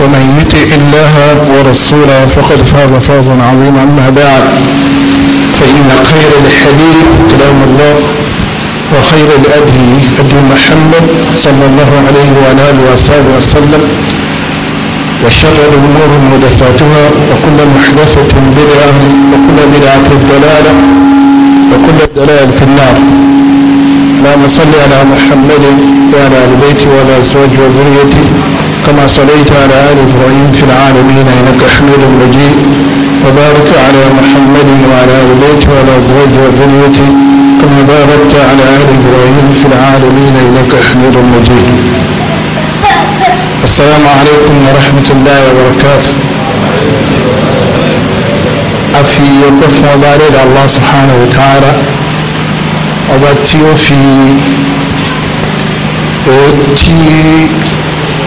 ومن يطع الله ورسوله فقد فاز فوزا عظيما اما بعد فان خير الحديث كلام الله وخير الادهي هدي محمد صلى الله عليه وعلى اله وصحبه وسلم وشر الامور محدثاتها وكل محدثه بدعه وكل بدعه ضلاله وكل ضلال في النار اللهم صل على محمد وعلى ال بيته وعلى ازواجه وذريته كما صليت على آل إبراهيم في العالمين إنك حميد مجيد وبارك على محمد وعلى آل بيته وعلى أزواجه وذريته كما باركت على آل إبراهيم في العالمين إنك حميد مجيد السلام عليكم ورحمة الله وبركاته أفي يقف مبارد الله سبحانه وتعالى وباتيو في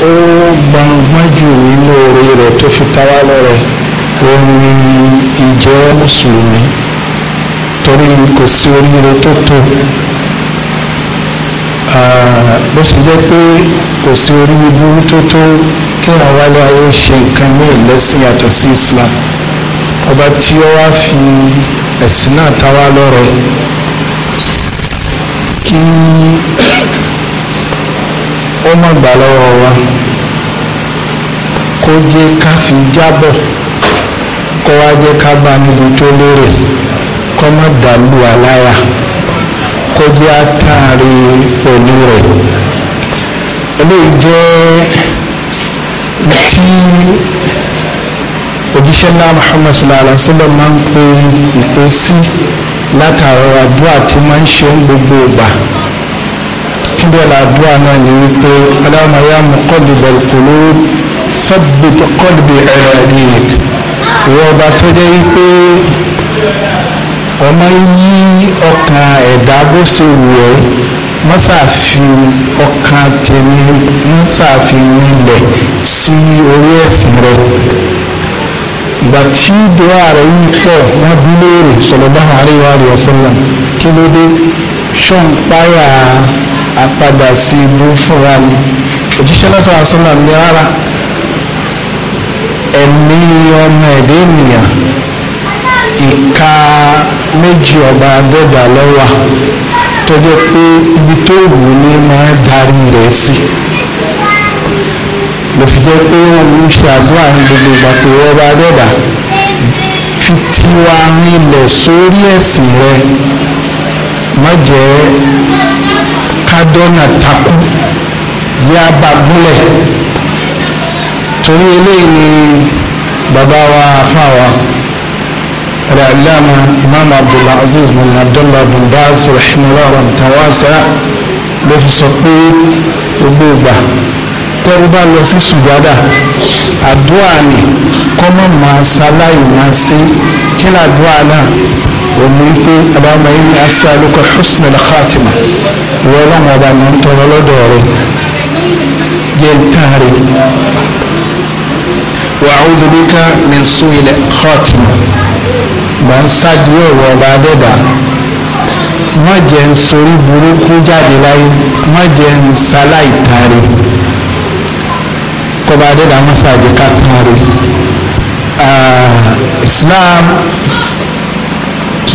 ó gbangban jù nínú oore rẹ̀ tó fi ta wá lọ́rẹ òun ni ìjẹ́ mùsùlùmí torí kò sí oríire tó tó bó ṣe jẹ́ pé kò sí oríire burú tó tó kí àwálé ayé ṣe nǹkan ní ìlẹ́sìn yàtọ̀ sí Islam ọba tí ó wá fi ẹ̀sìn náà ta wá kí ó má gbà lọ́wọ́ wa kó jẹ́ ká fi jábọ̀ kó wá jẹ́ ká bá níbi tó lérè kó má dàlú aláya kó jẹ́ àtàrí pẹ̀lú rẹ̀ eléyìí jẹ́ tí òjíṣẹ́ ńlá Muhammad sallallahu alaihi wa sallam máa ń pe ìpè sí látàrọ àdúrà tí máa ń ṣe ń gbogbo ìgbà síbẹ̀ làdúrà náà ni wípé Allahumma ya muqallibal qulub thabbit qalbi ala dinik ìwọ ọba tó jẹ́ wípé ọmọ yí ọkàn ẹ̀dá bó ṣe wù ẹ́ mọ́sàáfi ọkàn tèmi mọ́sàáfi nílẹ̀ sí orí ẹ̀sìn rẹ̀ ìgbà tí dùwà rẹ̀ yìí pọ̀ wọ́n bí léèrè sallallahu alaihi wa sallam kí ló dé ṣọ́n páyà àpadà sí ibú fúnra mi òjíṣẹ́ náà sọ̀rọ̀ sọ́nà mi rárá ẹ̀mí ọmọ ẹ̀dẹ́ ènìyàn ìka méjì ọba adẹ́dà lọ́wà tó jẹ́ pé ibi tó wù ní máa darí rẹ̀ sí ló fi jẹ́ pé òun ṣe àdúrà ní gbogbo ìgbà pé ọba adẹ́dà fi tiwa rinlẹ̀ sórí ẹ̀sìn rẹ̀ má jẹ́ kádọ́nà takú yá bá gúnlẹ̀ torí eléyìí ni bàbá wa àfáà wa al-allama imam abdulaziz bin abdullah bin baz rahimahullah tawasa ló fi sọ pé gbogbo ìgbà tẹ́rù bá lọ sí sùgbádà àdúrà ni kọ́mọ̀ máa ṣaláì máa ṣe kí làdúrà náà òní pé aláma yìí ní asálùkọ husna na khatima wọ́n ọba ní ń tọrọ lọ́dọ̀ rẹ̀ jẹ́ ń tààrí wà áwùjọ bí ká min sún ilẹ̀ khatima mà ń má jẹ́ ń burúkú jáde láyé má jẹ́ ń sáláì tààrí kọba adẹ́dà má sáájú ká tààrí Islam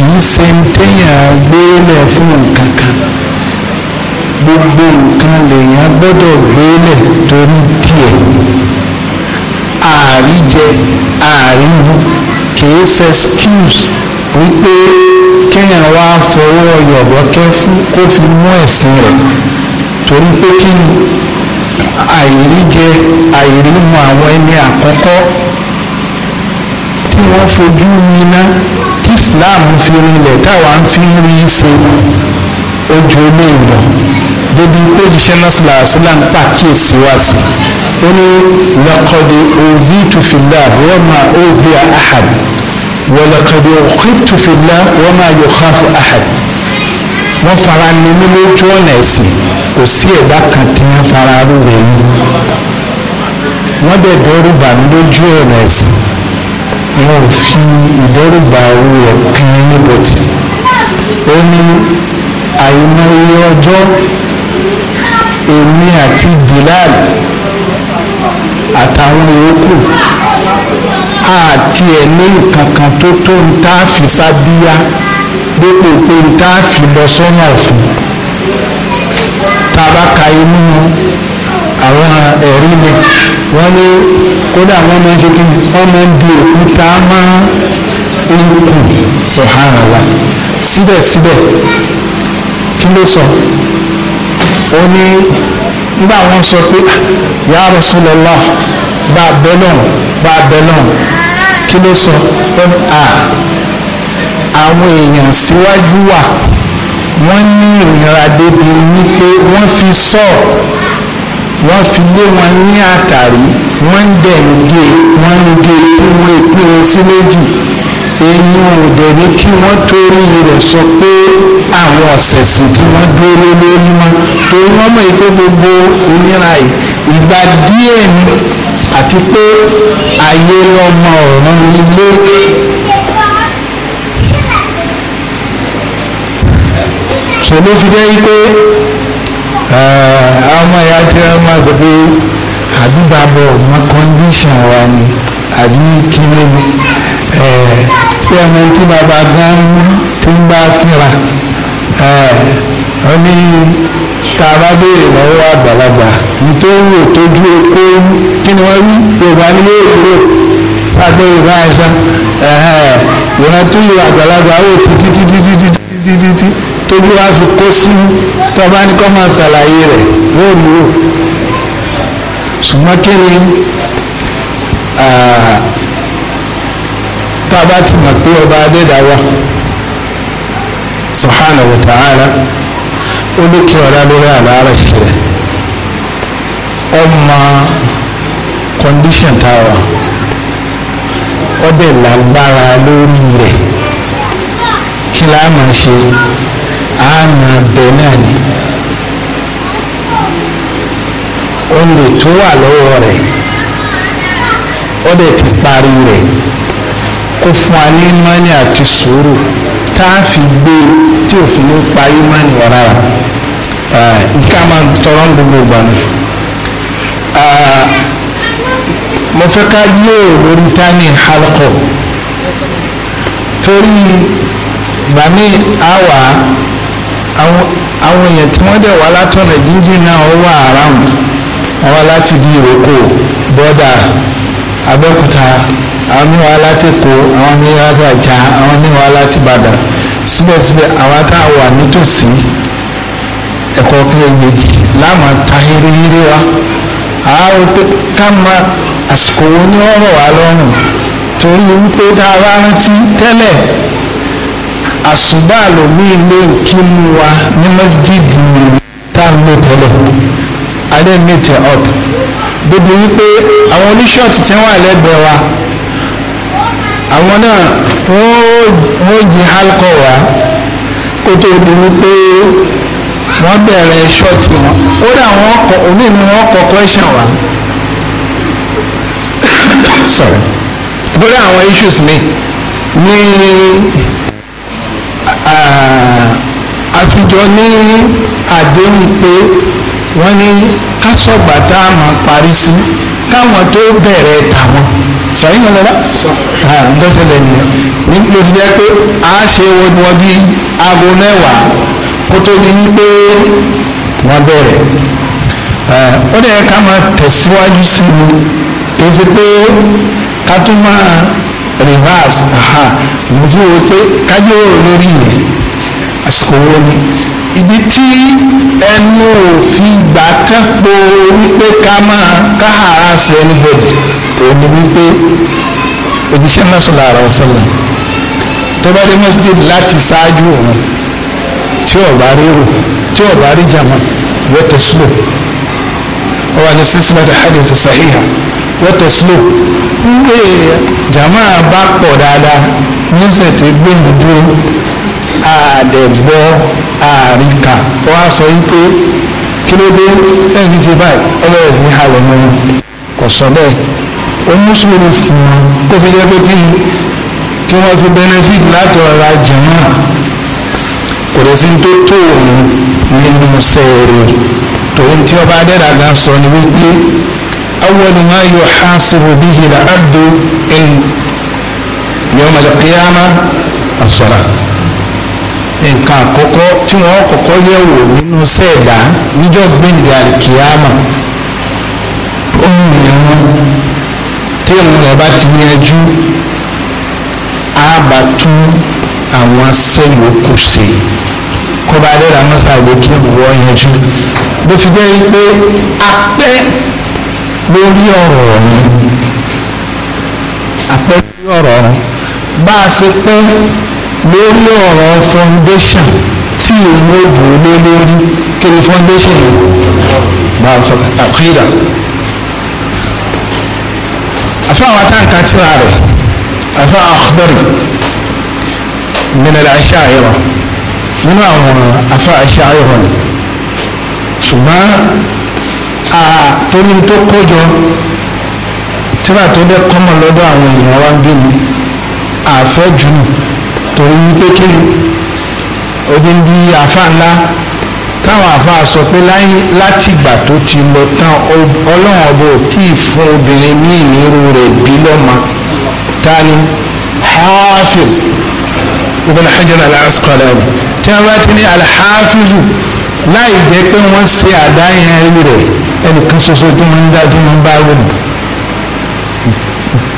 kì í ṣe ń téèyàn gbélẹ̀ fún nǹkan kan gbogbo nǹkan lèèyàn gbọ́dọ̀ gbélẹ̀ torí tiẹ̀ àríjẹ àríwú kìí ṣe excuse wípé kéèyàn wá fọwọ́ yọ̀bọ̀kẹ́ fún kó fi mú ẹ̀sìn rẹ̀ torí pé kí ni àìríjẹ àìrímu àwọn ẹni àkọ́kọ́ tí wọ́n fojú yiná tí Islam fi rinlẹ̀ táwa ń fi rí ṣe ojú eléyìí lọ débi kójíṣẹ́ násìlá àṣìlá ń pàkíyèsí wá sí ó ní laqad uzitu fillah wa ma uziya ahad wa laqad ukhiftu fillah wa ma yukhafu ahad wọ́n fara ní mi lójú ọ̀nà ẹ̀sìn kò sí ẹ̀dá kan tí wọ́n fara rú rẹ̀ yìí wọ́n dẹ̀ dẹ́rù bà mí lójú ọ̀nà ẹ̀sìn wọn ò fi ìdẹ́rùbà owó rẹ̀ kan níbọ̀tì ó ní àìmọye ọjọ́ èmi àti Bilal àtàwọn yòókù àti ẹ̀mí kankan tó tó ń tá a fi sábíyá dépò pé ń tá a fi lọ sọ́nà ọ̀fun tá a bá ka inú àwọn ẹ̀rí mi wọ́n ní kódà wọ́n máa ń ṣe kí wọ́n máa ń di òkúta máa ń kù subhanallah síbẹ̀síbẹ̀ kí ló sọ ó ní nígbà wọn sọ pé ah, ya Rasulullah bá bẹ́ lọ́rùn bá bẹ́ lọ́rùn kí ló sọ ó ní à àwọn èèyàn síwájú wà wọ́n ní ìrìnra débi wípé wọ́n fi sọ́ọ̀ wọ́n fi lé wọn ní àtàrí wọ́n ń dẹ̀ ń gé wọ́n ń gé tí wọ́n pín wọn sí méjì èyí ò dẹ̀ ní kí wọ́n torí rẹ̀ sọ pé àwọn ọ̀sẹ̀sìn tí wọ́n dúró lórí wọn torí wọ́n mọ̀ pé gbogbo ìnira yìí ìgbà díẹ̀ ni àti pé ayé lọ́mọ ọ̀ràn ilé ṣòló fi jẹ́ pé ọmọ ìyá tí wọ́n máa sọ pé àdúgbàbọ̀ ọmọ kọ́ndíṣàn wa ni àbí kí ló ní tí ọmọ tí bàbá gan ti ń bá fínra ọ ní tá a bá béèrè lọ́wọ́ àgbàlagbà ìtòwò tójú okó kí ni wọ́n wí yorùbá ní yóò kúrò pàgbé yorùbá ẹ̀sán ìrántí àgbàlagbà ó ti títí títí títí títí tójú wá fi kó sí tó bá ní kọ́ máa ṣàlàyé rẹ̀ yóò rí o ṣùgbọ́n kí ni tá a bá ti mọ̀ pé ọba adédáwà subhanahu wa ta'ala ó lókè ọ̀rá lórí àlàárẹ̀ ṣẹlẹ̀ ọmọ kọ́ndíṣàn táwa ọbẹ̀ lágbára lórí rẹ̀ kí láà ṣe. àmà bẹ náà ni olè tó wà lọwọ rẹ̀ ó dẹ̀ ti parí rẹ kó fún wa ní mọ́nì àti sùúrù tá a fi gbé tí òfin ní parí mọ́nì wà rárá nǹkan máa tọrọ ń gbogbo ìgbà ni mo fẹ́ ká yé lórí tani halkọ torí ìgbà mi àwọn èèyàn tí wọ́n dẹ̀ wá látọ̀nà na náà ó wà around wọ́n wá láti bí ìrókò bọ́dà abẹ́òkúta àwọn míì wá láti èkó àwọn míì wá láti àjà àwọn míì wá láti ìbàdàn síbẹ̀síbẹ̀ àwọn tá a wà nítòsí ẹ̀kọ́ láàmú ta híríhírí wa àwọn pé ká mọ àsìkò wo ni wọ́n rọ̀ wá lọ́rùn torí wípé tá a àsùbá lòmí ilé ìkíni wa ní mẹ́sídìdì tá a ń lò tẹ́lẹ̀ adé mìtẹ̀ up débi wípé àwọn oníṣọ́ọ̀tì tí wọ́n lẹ́gbẹ̀ẹ́ wa àwọn náà wọ́n jí alkọ wa kó tó di wípé wọ́n bẹ̀rẹ̀ ṣọ́ọ̀tì wọn ó dà wọ́n kọ òní ni wọ́n kọ question wa sorry lórí àwọn issues mi ní àfijọ́ ah, ní àdéhùn pé wọ́n ní kásọ̀gbà tá a máa parí sí káwọn tó bẹ̀rẹ̀ tàwọn sọ̀yìn lọ lọ́la ah, ǹdọ́sẹ̀lẹ̀ nìyẹn ló fi jẹ́ pé a ṣe wọ́n bí aago mẹ́wàá kó tó di wípé wọ́n bẹ̀rẹ̀ ah, ó dẹ̀ ká máa tẹ̀síwájú sí i kì í ṣe pé ká tún máa reverse mo fi wo pé kájọ́ lórí yẹn àsìkò wo ni ibi tí ẹnu òfin gbà kán po wípé ká máa káhàrá sí anybody òun ni wípé òjíṣẹ́ náà sọ̀rọ̀ àrà ọ̀sẹ̀lẹ̀ tó bá dé masjid láti ṣáájú òun tí ò bá rí rò tí ò bá rí jàmọ́ yóò tó slow ó wà ní sísílẹ̀ hadith sahiha yóò tó slow ń jàmọ́ bá pọ̀ dáadáa ní sètè gbé dúró àdẹ̀gbọ́ àríkà ó wá sọ wípé kí ló dé ẹ̀mí ti báyìí ọlọ́rẹ̀ sí halẹ̀ mọ́ wọn kò sọ bẹ́ẹ̀ ó mú sùúrù fún wọn kó fi jẹ́ pé kí ni kí wọ́n fi benefit láti ọ̀rọ̀ ajẹ̀ náà kò lè sí ní tó tó òun nínú sẹ́ẹ̀rẹ̀ tòun tí ọba adẹ́dàgbà sọ ni wípé awwal ma yuhasabu bihi al-abdu in yawm al-qiyamah as-salat nǹkan àkọ́kọ́ tí wọ́n kọ́kọ́ yẹ̀wò nínú sẹ́ẹ̀dá níjọ́ gbẹ̀ndẹ̀ àlìkìyàmà ohun ìran tí ìran rẹ̀ bá ti yanjú á bá tún àwọn sẹ́yòókù ṣe kó bá dé ra mọ́sàgbé kí ìwọ yanjú bó fi jẹ́ pé apẹ́ lórí ọ̀rọ̀ yẹn apẹ́ lórí ọ̀rọ̀ bá a ṣe pé lórí ọ̀rọ̀ foundation tí èyí ó bò lé lórí kí ni foundation yìí bá a sọ àkúrà àfáwọn táǹkà tíra rẹ̀ àfáwọn àkúrà minal asha'ira nínú àwọn afa asha'ira ni ṣùgbọ́n a torí tó kójọ tíra tó dé kọ́mọ lọ́dọ̀ àwọn èèyàn wa ń bí ni àfẹ́jù nù torí wípé kí ni odindi àfa ńlá táwọn àfa sọ pé láti ìgbà tó ti lọ tán ọlọ́run ọba ò tí ì fún obìnrin míì nírú rẹ̀ bí lọ́mọ tani hafiz ibn hajar al-asqalani tí wọ́n bá ti ní alhafizu láì jẹ́ pé wọ́n ṣe àdáyẹn rẹ̀ ẹnìkan ṣoṣo tí wọ́n ń dájú ń bá rò nù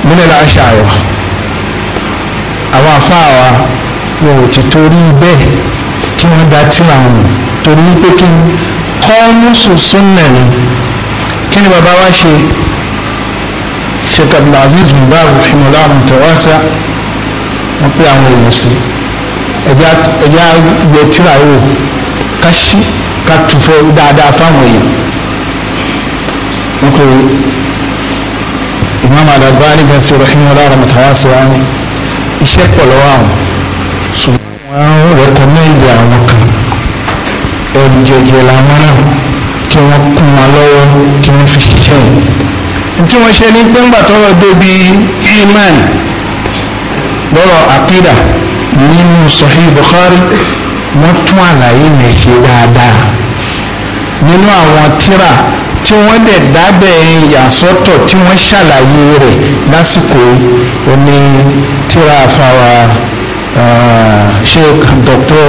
mílẹ̀ láṣà àyọ̀ àwọn àfáà wa wọn ò ti torí bẹ́ẹ̀ kí wọ́n da tíra wọn torí wípé kí ni kọ́ọ̀mùsù súnà ni kí ni bàbá wa ṣe sheikh abdulaziz bin baz rahimahullah mutawasa wọn pé àwọn èèyàn sí ẹja yẹ tíra wò ká ṣí ká tufẹ́ dáadáa fáwọn èèyàn wọn pé imam al-albani gan sí rahimahullah mutawasa ni iṣẹ́ pọ̀ lọ́wọ́ àwọn ṣùgbọ́n wọ́n rẹ́kọ̀mẹ́ndì àwọn kan ẹrù jẹjẹ làwọn náà kí wọ́n kún wọn lọ́wọ́ kí wọ́n fi ṣiṣẹ́ yìí tí wọ́n ṣe ní gbẹ́ngbà tọrọ débi iman lọ́rọ̀ àkídà nínú Sahih Bukhari wọ́n tún àlàyé yẹn dáadáa nínú àwọn tírà tí wọ́n dẹ̀ dábẹ̀ ìyàsọ́tọ̀ tí wọ́n ṣàlàyé rẹ̀ lásìkò oní tírà fáwa sheikh dr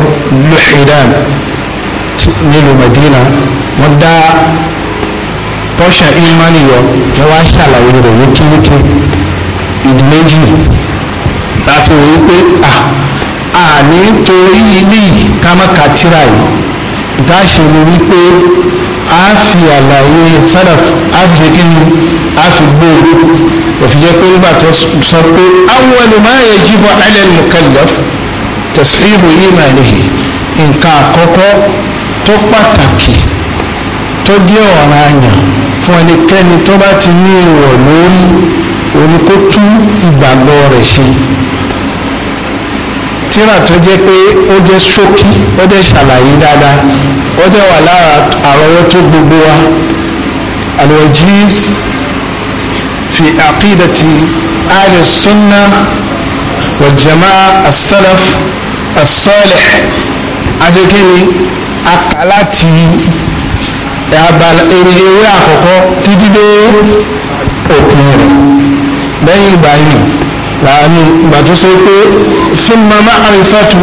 luhidan nílùú Madina wọ́n dá pọ́ṣà imani yọ wọ́n wá ṣàlàyé rẹ̀ yékéyéké ìdí méjì láti wọ́n pé à ní torí ilé yìí ká yìí dáṣe ni wípé a fi àlàyé sálàf a fi ṣe kí ni a fi gbé e. òfin jẹ́ pé nígbà tó sọ pé awwalu ma yajibu ala al-mukallaf tashihu nǹkan àkọ́kọ́ tó pàtàkì tó jẹ́ ọ̀ranyàn fún ẹnikẹ́ni tó bá ti ní ìwọ̀ lórí òní ìgbàgbọ́ rẹ̀ ṣe tíra tó jẹ́ pé ó jẹ́ ṣókí ó jẹ́ ṣàlàyé dáadáa ó jẹ́ wà lára àrọ́wọ́tó gbogbo wa alwajiz fi aqidati ahli sunna wal jamaa as-salaf as-salih asekeni ewé àkọ́kọ́ títí dé òpin rẹ̀ lẹ́yìn ìgbà yìí láàrin ìgbà tó ṣe pé thumma ma'rifatu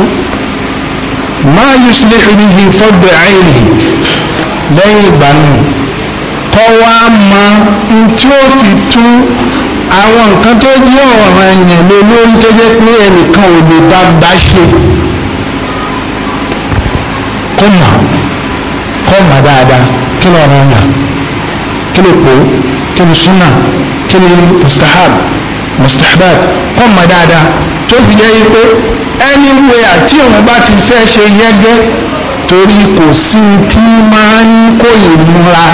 ma yuslihu bihi fardu 'ainihi lẹ́yìn ìgbà náà kọ́ wá mọ n tí ó fi tú àwọn nǹkan tó jẹ́ ọ̀ràn ẹ̀yàn lé lórí tó jẹ́ pé ẹnìkan ò lè bá gbá ṣe kó mà kó mà dáadáa kí lọ́ọ̀ràn ẹ̀yàn kí lè pò kí lè súnà kí lè mustahab mustahbab kọ́ mọ̀ dáadáa tó fi jẹ́ yí pé anywhere tí òun bá ti fẹ́ ṣe yẹ́gẹ́ torí kò sí tí máa ń kó ìmúra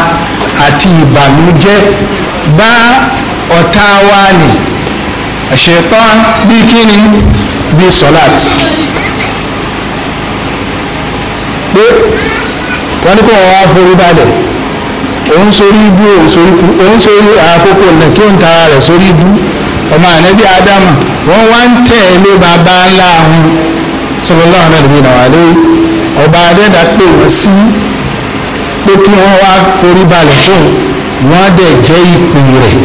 àti ìbànújẹ́ bá ọ̀tá wa nì ṣetán bíi kíni bíi sọ́láàt pé wọ́n ní kó wọ́n wá forí balẹ̀ òun sórí ibú òun sórí àkókò náà kí òun tara rẹ̀ sórí ibú ọmọ ànábì ádámà wọ́n wá ń tẹ̀lé bàbá ńlá wọn sọlọ́lá ọ̀nà ìbí náà wà lé ọba adẹ́dà pé wọ́n sí pé kí wọ́n wá forí balẹ̀ fún wọ́n dẹ̀ jẹ́ ìpè rẹ̀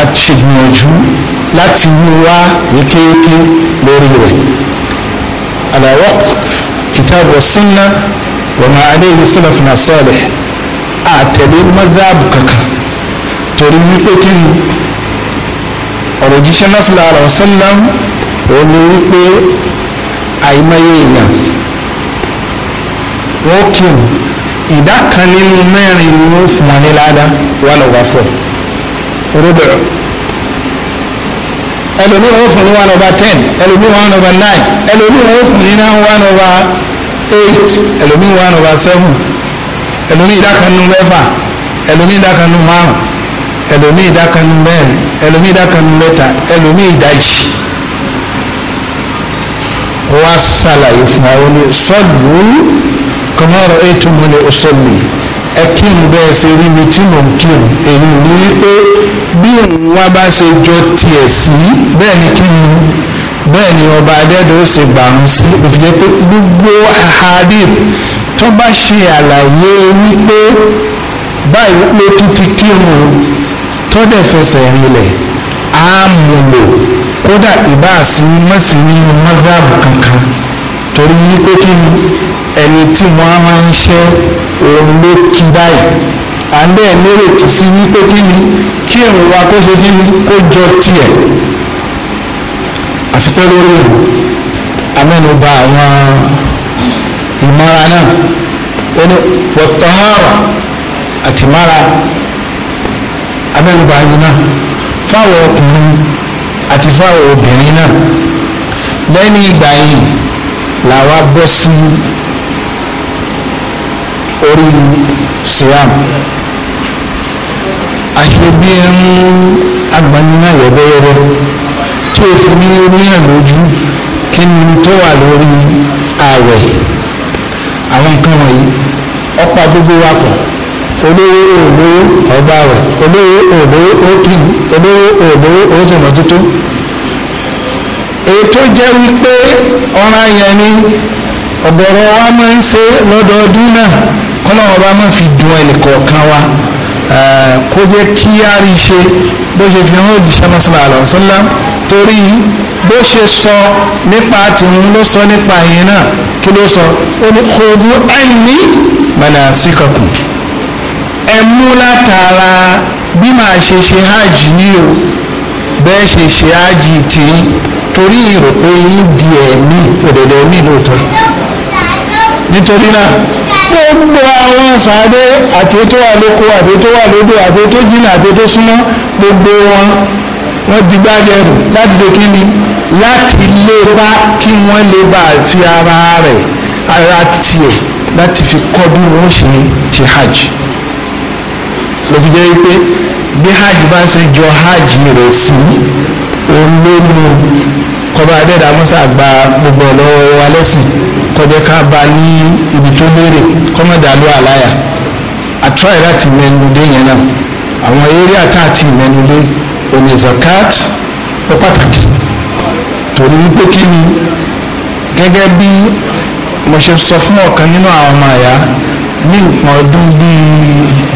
a ṣègbìyànjú láti mú wá yékéyéké lórí rẹ̀ àlàwọ̀ kìtàbù sunna wa ma alayhi salafuna salih àtẹ̀lé mọ́dáàbù kankan torí wípé kí ni ọ̀rọ̀ jíṣẹ́ náà sì lára ọ̀sánlám òun ni wípé àìmọye èèyàn wọ́n kírun ìdá kan nínú mẹ́rin ni wọ́n fún wọn ní ládá wà lọ́wọ́ fọ́ rúbẹ̀rẹ̀ ẹlòmíràn ó fún ní one over ten ẹlòmíràn one over nine ẹlòmíràn ó fún ní one over eight ẹlòmíràn one over seven ẹlòmíràn ìdá kan nínú mẹ́fà ẹlòmíràn ìdá kan nínú márùn-ún ẹlòmíì ìdákanu mẹ́rin ẹlòmíì ìdákanu mẹ́ta ẹlòmíì ìdájì wá sàlàyé fún wa wọlé sọ́ọ̀lù kọ́mọ́rọ̀ ètò mọ́lẹ̀ ọ̀sọ́lù ẹ kírun bẹ́ẹ̀ ṣe rí mi tí mò ń kírun èyí ni wípé bí òun bá ṣe jọ tiẹ̀ sí bẹ́ẹ̀ ni kírun bẹ́ẹ̀ ni ọba adẹ́dọ̀ ó ṣe gbà ń sí òfin jẹ́ pé gbogbo àhàdì tó bá ṣe àlàyé wípé báyìí ló tún ti kírun tọ́dẹ̀ fẹsẹ̀ rinlẹ̀ á mú lò kódà ìbáàsí mọ́sí nínú mọ́dáàbù kankan torí wípé kí ni ẹni tí wọ́n á ń ṣẹ́ òun ló kí báyìí à ń bẹ́ẹ̀ nírètí sí wípé kí ni kí èrò wa kó ṣe kí ni kó jọ tiẹ̀ àti lórí ìlú amẹ́nuba àwọn ìmọ̀ra náà ó ní wọ́tọ̀ amẹ́nuba yìí náà fáwọn ọkùnrin àti fáwọn obìnrin náà lẹ́ni ìgbà yìí làwa bọ́ sí orí siam àṣebí ń agbanina yẹ̀bẹ̀yẹ̀bẹ̀ tí o fi ní ríran lójú kí ni tó wà lórí ààwẹ̀ àwọn nǹkan wọ̀nyí ọ̀pá gbogbo wa pọ̀ olówó olówó ọba rẹ̀ olówó olówó ókìlì olówó olówó oṣèmọ̀tótó ètò jẹ́ wípé ọ̀ràn yẹn ni ọ̀gọ̀rọ̀ wa máa ń ṣe lọ́dọọdún náà kọ́lọ́wọ́ bá máa fi dùn ẹnìkọ̀ọ̀kan wa kó jẹ́ kí á rí i ṣe bó ṣe fi hàn òjíṣẹ́ mọ́sálà àlọ́sọ́lá torí bó ṣe sọ nípa tìǹbù ló sọ nípa yẹn náà kí ló sọ ó ní kó ojú àìní mọ̀nà ẹ mú látara bí màá ṣe ṣe hajj ní o bẹ́ẹ̀ ṣe ṣe hajj tí torí ìrò pé yín di ẹ̀mí òdòdó ẹ̀mí lóòótọ́ nítorí náà gbogbo àwọn sàádé àti tó wà lóko àti jìnnà àti súnmọ́ gbogbo wọn wọ́n di gbájẹrù láti ṣe kí ni láti lépa kí wọ́n lè bá fi ara rẹ̀ ara tiẹ̀ láti fi kọ́ bí wọ́n ṣe ṣe hajj ló fi jẹ́ pé bí hajj bá ṣe jọ hajj rẹ̀ sí olómi kọba adẹ́dà musa gba gbogbo ọ̀lọ́wọ́ wa lẹ́sìn kọjá ká ba ní ibi tó léèrè kọ́mọ̀dálú àláyà àtúrà láti mẹnudé yẹn náà àwọn eré àtàtì mẹnudé òní zakat ó pàtàkì torí wípé kí ni gẹ́gẹ́ bí mo ṣe sọ fún ọ̀kan nínú àwọn ọmọ àyà ní nǹkan ọdún bíi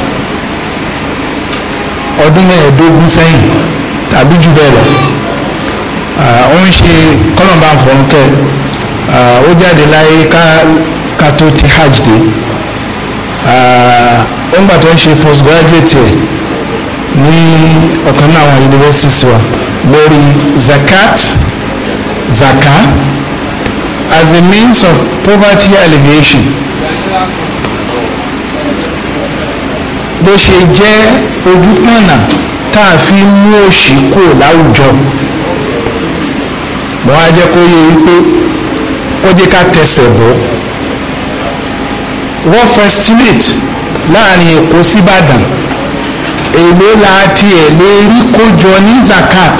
ọdún mẹ́ẹ̀ẹ́dógún sẹ́yìn tàbí jù bẹ́ẹ̀ lọ ó ń ṣe kọ́lọ̀mbà fọ̀nkẹ́ ó jáde láyé ká tó ti hajj dé ó ń gbà tó ń ṣe postgraduate ẹ̀ ní ọ̀kan náà àwọn universities wa lórí zakat zaka as a means of poverty alleviation bó ṣe jẹ́ ojúpọ̀nà tá a fi mú òṣì kò láwùjọ wọ́n á jẹ́ kó yé wípé ó jẹ́ ká tẹsẹ̀ bọ́ wọ́n festivate láàrin Èkó síbàdàn èlé la tiẹ̀ lè rí kójọ ní zakat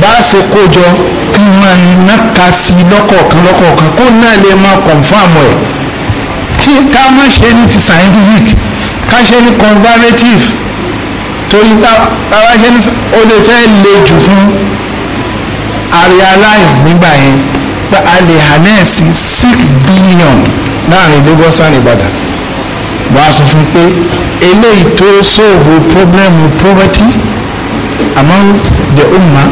bá a ṣe kójọ kí wọ́n náka sí lọ́kọ̀ọ̀kan lọ́kọ̀ọ̀kan kó náà lè máa confam ẹ̀ kí ká má ṣe ní ti scientific ká ní conservative torí táwa ṣe ní ó lè fẹ́ le jù fún a realize nígbà yẹn pé a lè harness six billion láàrin Lagos and Ibadan wọ́n á sọ fún pé eléyìí tó solve problem poverty among the umma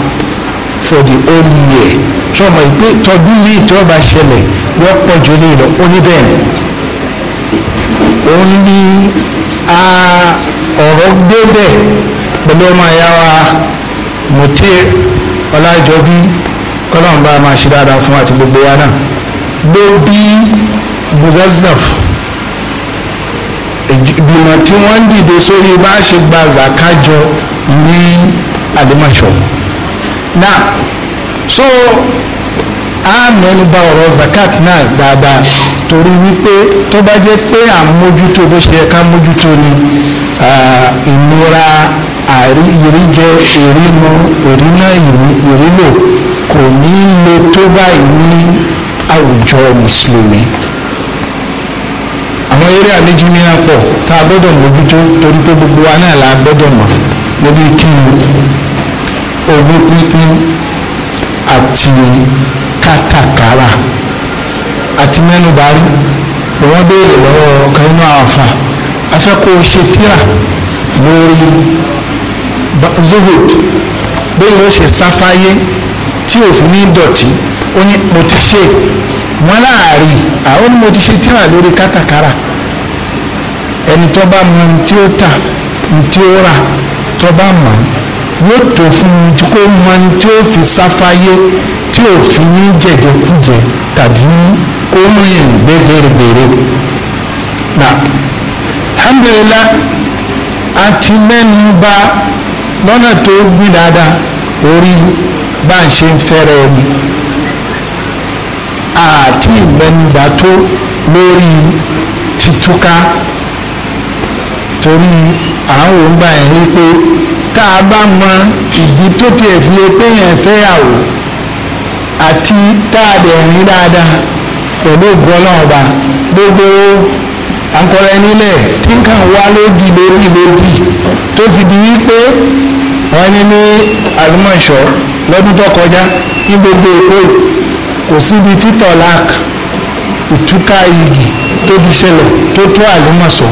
for the whole year sọmọ ìpè tọdún yìí tí wọn bá ṣẹlẹ̀ wọn pọ̀ jù ní ìlọ oníbẹ̀rẹ̀ òun ní a ọ̀rọ̀ débẹ̀ pẹ̀lú ọmọ ìyá wa mọ̀tẹ́ ọlájọbí kọ́lọ́n bá máa ṣe dáadáa fún àti gbogbo wa náà ló bí Muzazzaf ìgbìmọ̀ tí wọ́n ń dìde sórí bá a ṣe gba zakájọ ní àdìmọ̀ṣọ́ náà so a mẹ́nu bà ọ̀rọ̀ zakat náà dáadáa torí wípé tó bá jẹ́ pé à ń mójútó bó ṣe yẹ ká mójútó ni ìnira àríyìnríjẹ ìrímu ìrínà ìrílò kò ní le tó báyìí ní àwùjọ mùsùlùmí àwọn eré àlejò ní àpọ̀ tá a gbọ́dọ̀ mójútó torí pé gbogbo wa náà la gbọ́dọ̀ mọ̀ níbi kí ogún pínpín àti kátàkárà àti mẹ́nu bari wọ́n béèrè lọ́wọ́ ọ̀kan inú àwọn afa afẹ́kọ̀ọ́ ṣe tíra lórí zuhud bẹ́ẹ̀ ló ṣe sáfáyé tí òfin ní dọ̀tí ó ní mo ti ṣe wọn láàárín àwọn ni mo ti ṣe tíra lórí kátàkárà ẹni tó bá mọ ní tí ó tà ní tí ó rà tó bá mọ yóò tó fún un tí mọ ní tí ó fi sáfáyé tí ò fi ní jẹjẹkújẹ tàbí kó rìn gbẹgbẹrẹgbẹrẹ na alhamdulilah a ti mẹ́nu bà lọ́nà tó gbìn dáadáa orí bá ń ṣe ń fẹ́rẹ̀ ẹni àti ìmẹ́nubà tó lórí títúká torí àwọn òǹgbà yẹn wípé tá a bá mọ ìdí tó tiẹ̀ fi lè pé yẹn fẹ́yàwó àti táàdì ẹ̀rín dáadáa pẹ̀lú ògbọ́nà ọba gbogbo àǹkọ́ra ẹni lẹ̀ tí nǹkan wá lódì lódì lódì tó fi di wípé wọ́n ní ní àlùmọ̀ṣọ́ lọ́dún tó kọjá ní gbogbo èkó kò síbi títọ̀ lák ìtúká igi tó ti ṣẹlẹ̀ tó tó àlùmọ̀ṣọ́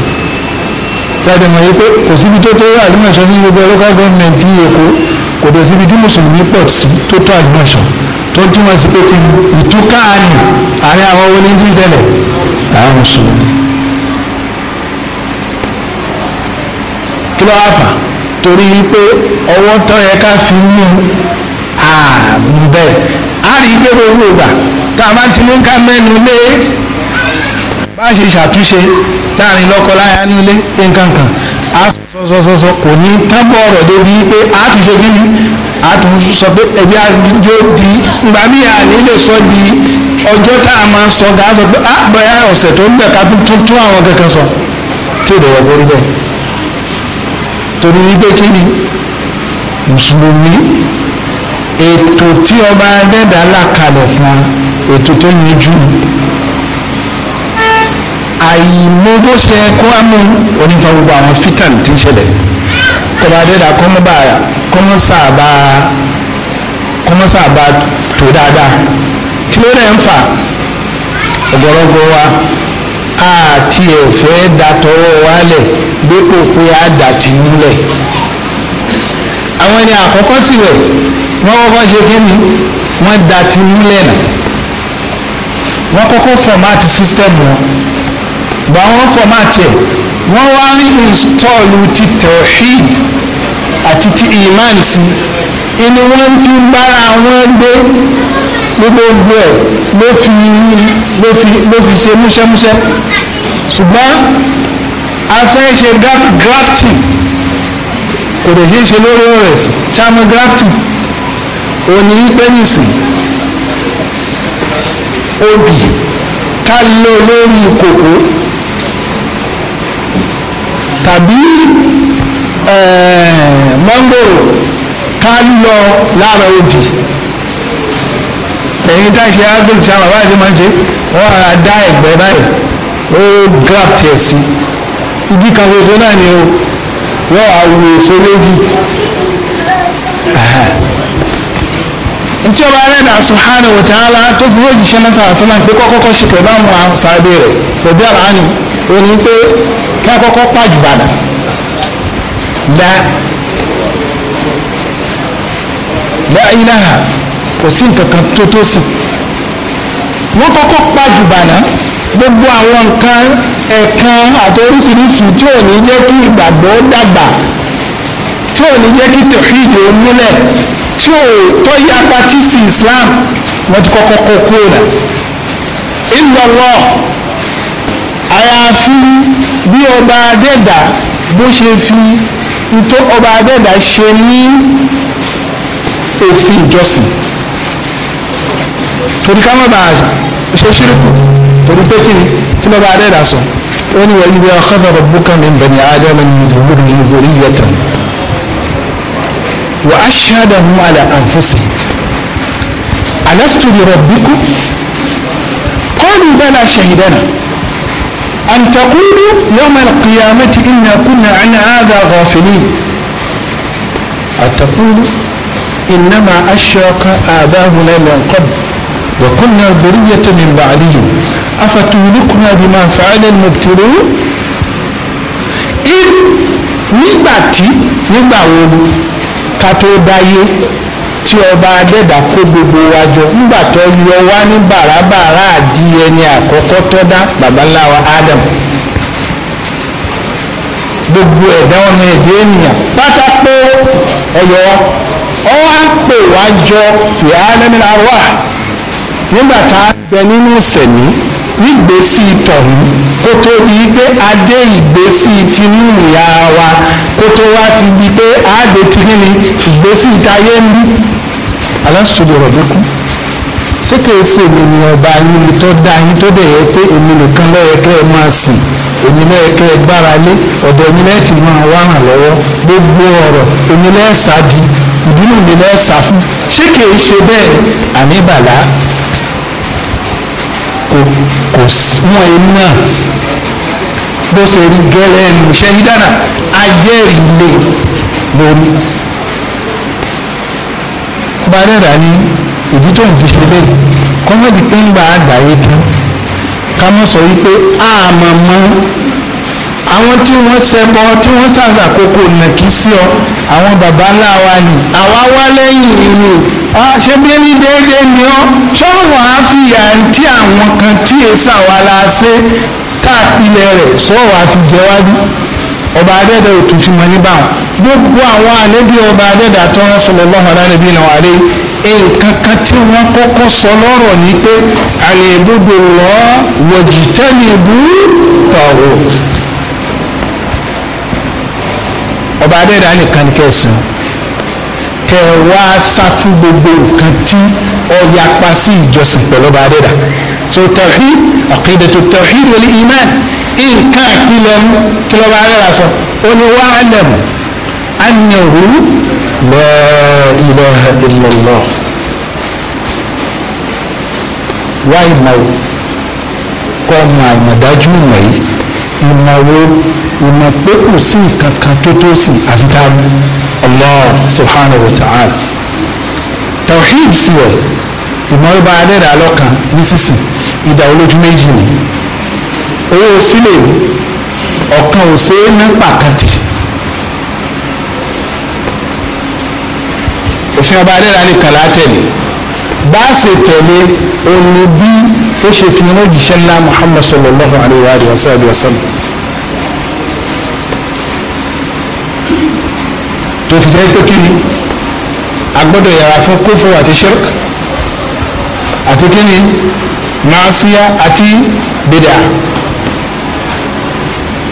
láti mọ̀ wípé kò síbi tó tó àlùmọ̀ṣọ́ ní gbogbo local government èkó kò dẹ̀ síbi tí mùsùlùmí pọ̀ sí tó tó àlùmọ̀ṣọ́ tó túmọ̀ sí pé kí ni ìtúká ni àárín àwọn wọlé ń dísẹ̀lẹ̀ àwọn mùsùlùmí. kí ló wá fà torí pé ọwọ́ tó yẹ ká fi mú àmì bẹ́ẹ̀ á rí i pé gbogbo ìgbà tá a bá ti ní ká mẹ́nu lé bá ṣe ṣàtúnṣe láàrin lọ́kọláya nílé nǹkan kan á sọ sọ sọ kò ní tábọ̀ ọ̀rọ̀ débi pé á tún ṣe kí ni a tún sọ pé ẹbí àjò di ìgbà míì àní lè sọ di ọjọ́ tá a máa sọ gà á sọ pé a ah, bẹ̀rẹ̀ ọ̀sẹ̀ tó ń bẹ̀ ká tún tún àwọn kankan sọ tí ò lè yẹ kó rí bẹ́ẹ̀ torí wípé kí ni mùsùlùmí ètò tí ọba ẹgbẹ́dà là kalẹ̀ fún ètò tó yẹ jù àìmọ́bọ́sẹ̀ kó àmú onífà gbogbo àwọn fítàn tí ń ṣẹlẹ̀ kọba ẹgbẹ́dà kọ́ mọ́ bàa kọ́mọ́sàbà kọ́mọ́sàbà tó dáadáa kí ló rẹ̀ ń fà ọ̀gọ̀rọ̀gọ̀ wa àti ẹ̀fẹ́ datọwọ́ wálẹ̀ dépò pé a dà ti nílẹ̀ àwọn ẹni àkọ́kọ́ sì rẹ̀ wọ́n kọ́kọ́ ṣe kíni wọ́n dà ti nílẹ̀ nà wọ́n kọ́kọ́ fọ̀máàtì sísítẹ́mù wọn gbà wọ́n fọ̀máàtì ẹ̀ wọ́n wá ń ìnstọ́ọ̀lù ti tẹ̀ọ̀hídì àti ti iman sí inú wọn fi ń bára wọn gbé gbogbo ẹ ló fi ló fi ló fi ṣe múṣẹ́múṣẹ́ ṣùgbọ́n a fẹ́ ṣe grafting kò lè ṣe ṣe lórí ors ṣáàmù grafting òní pẹ́nìsì obì ká lọ lórí kòkó tàbí Eh, mọ́ngòrò ká lọ lára òdì ẹ̀yin tá ṣe ágbèrè tí àwọn báyìí máa ń ṣe wọ́n á dá ẹ̀gbẹ́ báyìí ó graft ẹ̀ sí ibi kan ṣoṣo náà ni o wọ́n á wo èso méjì ntí ọba alẹ́dà subhanahu wa ta'ala tó fi wọ́n jíṣẹ́ náà sàrà sọ́nà pé kọ́kọ́kọ́ ṣe pẹ̀lú àwọn sàbẹ̀ rẹ̀ pẹ̀lú àlàánú ó ní pé kí a kọ́kọ́ pàjùbàdà la la ilaha kò sí nǹkan kan tó tó sìn wọ́n kọ́kọ́ pa jùbànà gbogbo àwọn nǹkan ẹ̀kan àti oríṣiríṣi tí ò ní jẹ́ kí ìgbàgbọ́ dàgbà tí ò ní jẹ́ kí tẹ̀fíìdì ó múlẹ̀ tí ò tọ́ yapa tí sí Islam wọ́n ti kọ́kọ́ kó kúrò rẹ̀ ìlọ́lọ́ àyàfi bí ọba adẹ́dà bó ṣe fi ntó ọba adẹ́dà ṣe ní òfin ìjọsìn torí ká má bàa ṣe ṣírùkù torí pé kíni tí ọba adẹ́dà sọ ó ní wàyí bí akhadha rabbuka min bani adama min dhuhurihim dhurriyyatahum wa ashhadahum ala anfusihim alastu bi rabbikum qalu bala shahidana. أن تقول يوم القيامة إنا كنا عن هذا غافلين أتقول إنما أشرك آباؤنا من قبل وكنا ذرية من بعدهم أفتهلكنا بما فعل المبتلون إن nígbàtí nígbà wo ká tí ọba adẹ́dà kó gbogbo wa jọ tó yọ wá ní bàràbàrà àbí ẹni àkọ́kọ́ tọ́dá dá Adam gbogbo ẹ̀dá ọmọ ẹ̀dá ènìyàn pátá pé ẹ̀yọ́ ọ wá pè wá jọ lẹ́mìnà wà nígbà tá a bẹ nínú sẹ̀mí nígbèsí tọ̀hún di pé adé ìgbésí tinú ìyá wa wá ti di pé àádé tinú alásùtúndì rẹ̀ lékún ṣé kìí ṣe èmi ni ọba yín tó dá yín tó dẹ̀ yẹ pé èmi nìkan lọ́yẹ̀kẹ́ ẹ máa sìn èmi lọ́yẹ̀kẹ́ ẹ gbára lé ọ̀dọ̀ èmi lẹ́yìn tí máa wá ràn lọ́wọ́ gbogbo ọ̀rọ̀ èmi lẹ́yìn sáàdì ìbínú mi lẹ́yìn sá fún ṣé kìí ṣe bẹ́ẹ̀ àní bàlá kò kò wọ́n ẹ̀ náà bó ṣe rí gẹ́lẹ́ ẹnu ṣẹ́yìn dára ajẹ́rìí lé lórí ọba rẹ̀rà ní ìdí tó ń fi ṣe bẹ́ẹ̀ kọ́mọ́dì pé ń gba àgbáyé kan ká mọ́ sọ wípé àmọ́ mọ́ àwọn tí wọ́n ṣẹbọ tí wọ́n ṣàṣàkókò nàkí sí ọ àwọn baba ńlá wa ni àwa wá lẹ́yìn ìlú ṣé bí ní déédéé ni ọ ṣọ́wọ́n á tí àwọn kan tí èsà wa la ṣe káàpilẹ̀ rẹ̀ ṣọ́wọ́n á ọba adẹ́dà ò tún fi mọ ní báwọn gbogbo àwọn ànábì ọba adẹ́dà tó ń sọlọ lọ́wọ́ aláàbí náà wà lé nǹkan kan tí wọ́n kọ́kọ́ sọ lọ́rọ̀ ni pé àlèbùdó lọ wọ̀jìtẹ́nìbù tọ̀wọ̀ ọba adẹ́dà nìkan kẹsàn-án kẹ wá sá fún gbogbo nǹkan tí ó sí ìjọsìn pẹ̀lú ọba adẹ́dà so tawhid aqidatu tawhid wal iman nǹkan ìpìlẹ̀ ń kí ló bá rẹ̀ sọ ó ní wá lẹ̀mú annahu la ilaha illallah wá ìmọ̀ o kọ́ ọmọ àmọ̀dájú ìmọ̀ yìí ìmọ̀ wo ìmọ̀ pé kò sí kankan tó tó sìn àfi ká mú Allah tawhid sí wẹ̀ ìmọ̀ ọba adẹ́dàá lọ́kàn ní sísìn ìdá olójú méjì ni owó sílẹ̀ ní ọ̀kan ò ṣeé ná pàkàtì. òfin ọba adéla ní kàlá tẹ̀lé bá a ṣe tẹ̀lé òní bí ó ṣe fi hàn òjíṣẹ́ ńlá Muhammad sallallahu alayhi wa sallam. tó fi jẹ́ pé kí ni a gbọ́dọ̀ yàrá fún kófò àti shirk àti kí ni maasiya àti bidà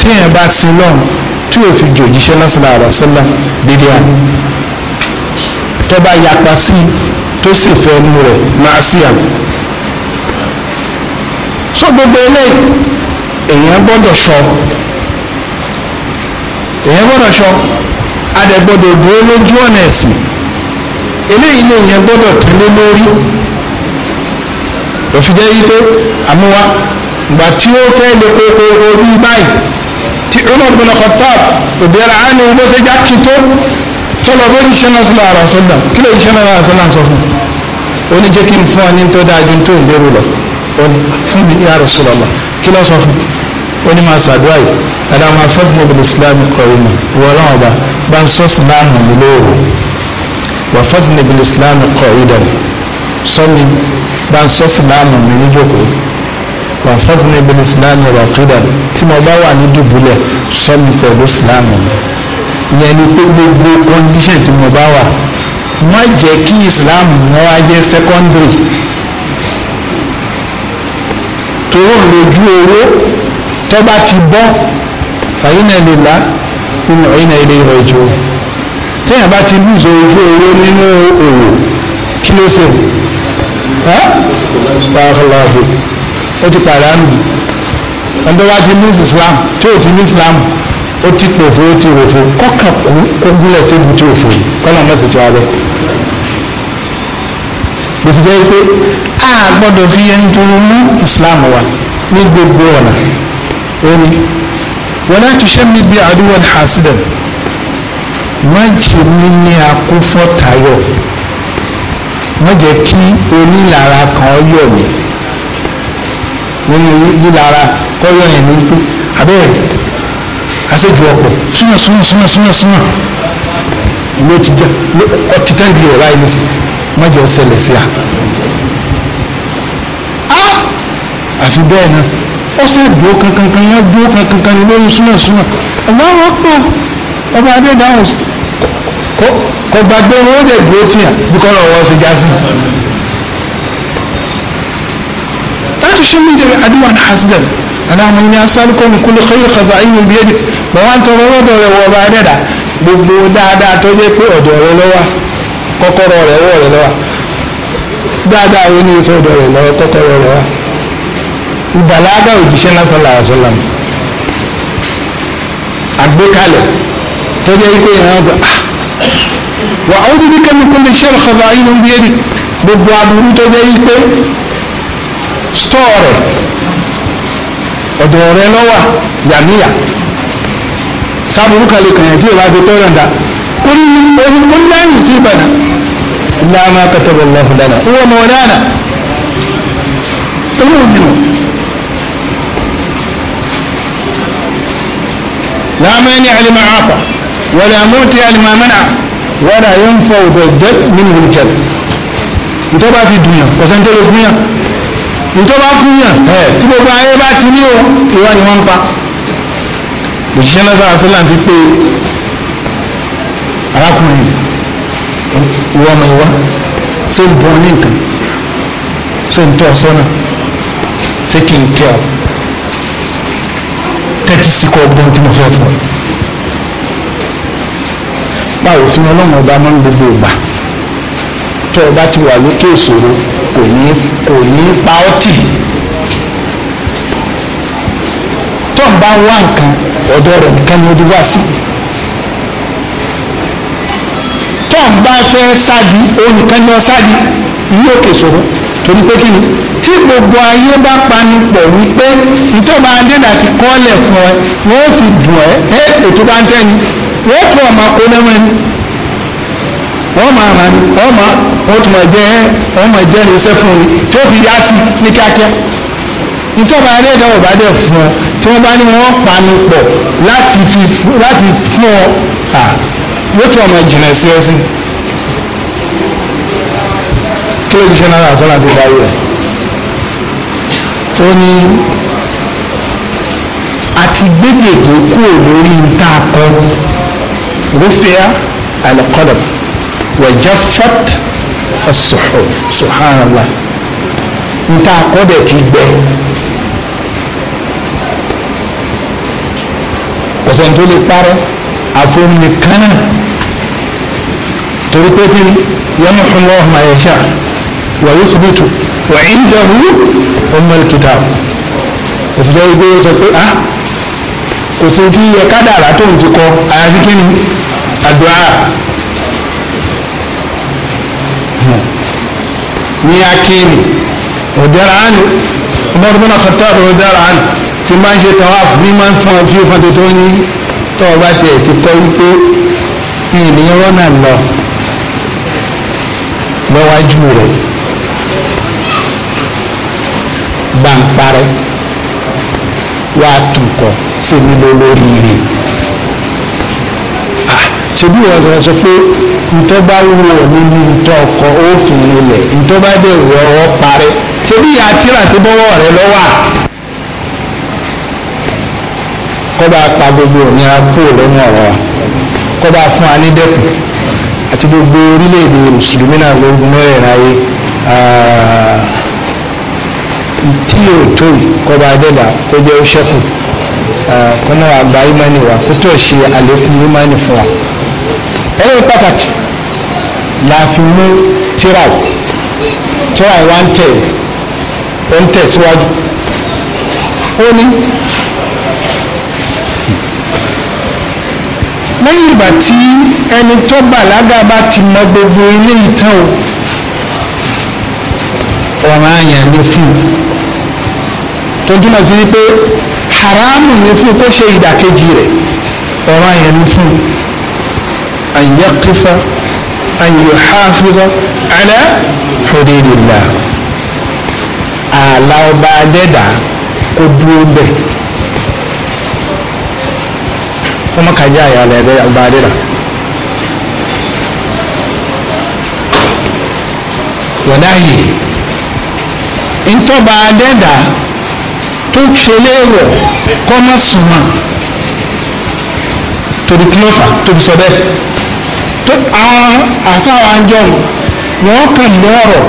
téèyàn bá sin lọ́hùn tí yóò fi jò jíṣẹ́ lásìlá àrọ̀sílá dédé àná tó bá yapa sí tó sì fẹ́ nu rẹ̀ máa sí àná. sọ gbogbo eléyìí èèyàn gbọ́dọ̀ sọ èèyàn gbọ́dọ̀ sọ adẹ̀gbọ́dọ̀ dúró lójú ọ̀nà ẹ̀sìn eléyìí ni èèyàn gbọ́dọ̀ tẹ̀lé lórí òfin jẹ́ yí pé àmúwá ìgbà tí ó fẹ́ lè kókó orí báyìí tí Umar bin Khattab òdìyàrá àánú bó ṣe já kí tó tọ́lọ̀ bó ní ṣẹ́nà sílẹ̀ àrà sọ́dà kí ló ń ṣẹ́nà àrà sọ́dà sọ fún un ó ní jẹ́ kí n fún ọ ní tó dáa ju tó lérò lọ ó ní fún mi ya Rasulullah kí ló sọ fún un ó ní máa ṣàdúrà yìí ẹ̀dá máa fẹ́sìn ní ibi Islam kọ ìmọ̀ wọ́ọ́rọ́ ọba bá ń sọ síláàmù mi lóòrò wà fẹ́sìn ní ibi Islam kọ ìdàn sọ́ni bá ń sọ síláàmù mi níjókòó wà fásitì ibi ní sinami wà kúdà tí mo bá wà ní dùbúlẹ̀ sọ́mi pẹ̀lú sinami ìyẹn ni pé gbogbo kọ́ndíṣẹ̀ tí mo bá wà má jẹ́ kí islam yẹn wá jẹ́ secondary tòun lójú owó tó bá ti bọ́ fàyínà ìlélá nínú ọ̀yìnà ilé ìrọ̀ ìjọ téèyàn bá ti lùzọ ojú owó nínú òwò kí ló ṣe wàhálà ọ̀hún ó ti pàdánù ẹgbẹ́ wa ti ní islam tí ò ti ní islam ó ti pòfo ó ti ròfo kọ́kàn kú kó gúnlẹ̀ síbi tí òfò yìí kọ́nà mọ́sí ti wáwẹ́ mo fi jẹ́ pé a gbọ́dọ̀ fi yẹn dúró mú islam wa ní gbogbo ọ̀nà ó ní wọn láti ṣe mí bí àdúgbò hasidan má ṣe mí ní akúfọ́ tayọ̀ má jẹ́ kí onílára kan yọ̀ mí nínú yílára kọ́yọ̀ yẹn ní pé abẹ́rẹ́ àṣejù ọ̀pọ̀ súnmọ̀ súnmọ̀ súnmọ̀ súnmọ̀ súnmọ̀ ló ti jẹ́ ọtí tẹ́ǹdì ẹ̀rọ ayé sí mọ́jọ ṣẹlẹ̀ sí a. a àfi bẹ́ẹ̀ náà ó sì dúró kankankan yẹn dúró kankankan ní lórí súnmọ̀ súnmọ̀ ọlọ́run ọ̀pọ̀ ọba adédáhùn kò gbàgbé owó dẹ̀ dúró tìyàn bí kọ́ lọ́wọ́ ṣe já sí i. social media be aduwan hasdan aláwọn ilé asálùkọ́ ní kúlù kọ́ ìkọ̀fà ìyún bí ẹni mọ̀ wá ń tọrọ lọ́dọ̀ rẹ̀ wọ̀ bá dẹ́dà gbogbo dáadáa tó jẹ́ pé ọ̀dọ̀ rẹ̀ lọ́wọ́ kọ́kọ́rọ́ rẹ̀ wọ̀ rẹ̀ lọ́wọ́ dáadáa wo ni ìṣe ọ̀dọ̀ rẹ̀ lọ́wọ́ kọ́kọ́rọ́ rẹ̀ wá. ìbàlágà òjíṣẹ́ lásán làrá sọ́lá mi àgbékalẹ̀ tó jẹ́ pé ìran gbà á wà á ó ti dí kẹ́mi kúlù iṣẹ́ ìkọ̀fà ìyún bí ẹni gbogbo aburú tó jẹ́ pé stọọ rẹ ọ̀dọ̀ rẹ lọwà yàmíyà káàbùrú kan lè kàyàn bí ìwà àti tọ́lọ̀dà onílẹ̀ sí ìbàdàn láàmà kàtàbọ̀ lọ́hùn dáná owó ọmọ dáná owó òmìnira láàmà ẹni àlìmọ̀ àpà wọlé àmúti àlìmọ̀ mẹ́nà wọ́n dà yóò ń fọ òdòdó nínú ìjẹ́ bá fi dùn yàn ọ̀sán fún yàn ìjọba fún yàn tí gbogbo ayé bá ti ní o ìwà ni wọ́n ń pa òṣìṣẹ́ náà sáà sílẹ̀ fi pé arákùnrin ìwọ ọmọ ìwá ṣé ń bọ̀ ní nǹkan ṣé ń tọ́ ọ sọ́nà fẹ́ kí n kẹ́ ọ tẹ́tí sí kọ́ ọgbọ́n tí mo fẹ́ fọ́ báwo fún ọlọ́run ọba máa ń gbogbo ìgbà tó o bá ti wà lókè ìṣòro kò ní kò ní pa ọ́ tì tó ń bá wá nǹkan ọ̀dọ̀ rẹ̀ nìkan ni ó di wá sí tó ń bá fẹ́ sádi òun nìkan ni ó sádi ní òkè ìṣòro torí pé kí ni tí gbogbo ayé bá panupọ̀ wípé nítorí máa ń dènà àti kọ́lẹ̀ fún ẹ wọ́n fi dùn ẹ́ ètò bá ń tẹ́ni wọ́n tún ọmọ kó lẹ́wọ̀n wọ́n máa ràn ní wọ́n máa wọ́n tún máa jẹ́ wọ́n máa jẹ́ irinṣẹ́ fún mi tí ó fi yá sí ní kíákíá nítorí alẹ́ ìdáwọ̀ bá dẹ̀ fún ọ tí wọ́n bá ní wọ́n panu pọ̀ láti fi láti fún ọ à yóò tún ọmọ ìjìnlẹ̀ sí ọ sí kí ló jíṣẹ́ náírà sọ́nà tó bá rẹ̀ ó ní àti gbẹ́gbẹ̀gbẹ́ kúrò lórí nta kọ́ rúfẹ́ àlọ́kọ́lọ́mù wàjáfàt asọ̀hó subhanallah nta akọ́dẹ̀ ti gbẹ. ọ̀sẹ̀ni tó lè parẹ́ àfọ̀mì kánà torí pé kí yẹnu xumọ́ ọ̀hún àyẹ̀ṣà wà yóò fìbìtù wà ìdáhù ummul kitab òfìjọ́ igbó sọ pé ah kò sí ojú yẹ kádàrá tó ń ti kọ àyàfi kí ni àdúrà. ní akéènì ọ̀dẹ́rà ánì Umar bin Khattab ọ̀dẹ́rà ánì tí máa ń ṣe tawaf ní máa ń fún ọ fífa tó tó ní tọ́wọ́ bá tiẹ̀ ti kọ́ wípé ìní rọ́nà lọ lọ́wájú rẹ̀ gbàǹparẹ́ wàá tún kọ́ sí nílò lórí rẹ̀ ṣebí wọn sọ sọ pé ntọ́ bá wúwo nínú ntọ́ ọkọ̀ òfin ilẹ̀ ntọ́ bá dẹ̀ wọ ọwọ́ parí ṣebí ìyá tíra ti bọ́wọ́ rẹ lọ́wọ́ à kọ́ba pa gbogbo òmìnira kúrò lẹ́nu ọ̀rọ̀ wa kọ́ba fún wa ní dẹ́kun àti gbogbo orílẹ̀-èdè mùsùlùmí náà lóògùn mẹ́rẹ̀ẹ̀rin ayé tí yóò tó yìí kọ́ba adẹ́dà kó jẹ́ ó kọ́nà eh, àgbà ìmánì wa kó tó ṣe àlékún ìmánì fún wa ẹ̀rọ pàtàkì la fi mú tíra tíra wa ń tẹ̀ ó ń tẹ̀síwájú ó ní lẹ́yìn ìgbà tí ẹni tó bàlágà bá ti mọ gbogbo ilé ìtàn o ọ̀ràn àyàn ló fún un tó túmọ̀ sí pé haramu ni fún kó ṣe ìdàkejì rẹ̀ ọ̀rọ̀ yẹn ni fún an yaqifa an yuhafiza ala hududillah ààlà ọba adẹ́dà kó dúró bẹ́ẹ̀ wọ́n mọ̀ kájá àyà ọba adẹ́dà. wọ́n dáhìí ntọ́ba adẹ́dà tó ṣe léèwọ̀ kọ́ mọ́ súnmọ́ torí kí ló fà tó fi sọ bẹ́ẹ̀ tó àwọn àtàwọn àjọ wọn kàn mọ́ ọ̀rọ̀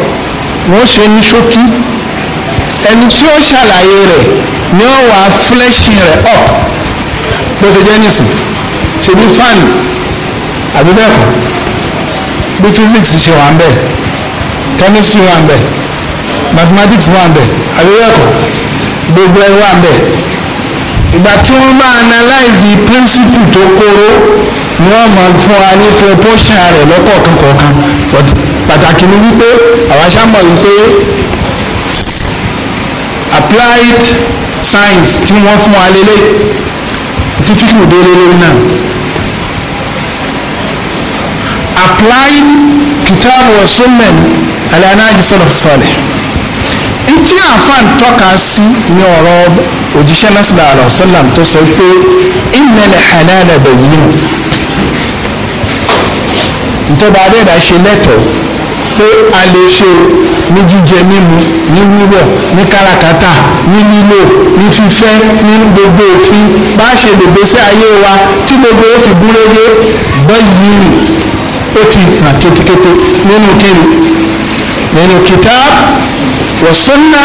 wọn ṣe ní ṣókí ẹni tí ó ṣàlàyé rẹ̀ ni ó wà fleshing rẹ̀ up bó ṣe jẹ́ nìsín ṣe bí fan àbí bẹ́ẹ̀ kọ́ bí physics ṣe wà ń bẹ̀ chemistry wà ń bẹ̀ mathematics wà ń bẹ̀ àbí bẹ́ẹ̀ kọ́ gbogbo ẹ wà bẹ̀ ìgbà tí wọ́n máa analyze principle tó kóró ni wọ́n máa fún wa ní proportion rẹ̀ lọ́kọ̀ọ̀kan kọ̀ọ̀kan pàtàkì ni wípé àwa ṣàmọ̀ wípé applied science tí wọ́n fún wa lélẹ̀ difficult dé lélẹ̀ náà applied kitab wa sunnah ala nahji salaf salih. ìtí àfàn tọ́ka sí ní ọ̀rọ̀ òjíṣẹ́ nasala alaṣalam tó sọ pé innal halala bayyin ntọ́ba adẹ́dà ṣe lẹ́tọ̀ọ́ pé a lè ṣe ní jíjẹ mímu ní wíwọ̀ ní káràkátà ní lílò ní fífẹ́ ní gbogbo òfin bá ṣe lògbèsè ayé wa tí gbogbo ó fi gúnrégé bayyin ó ti hàn kétékété nínú nínú wa sunna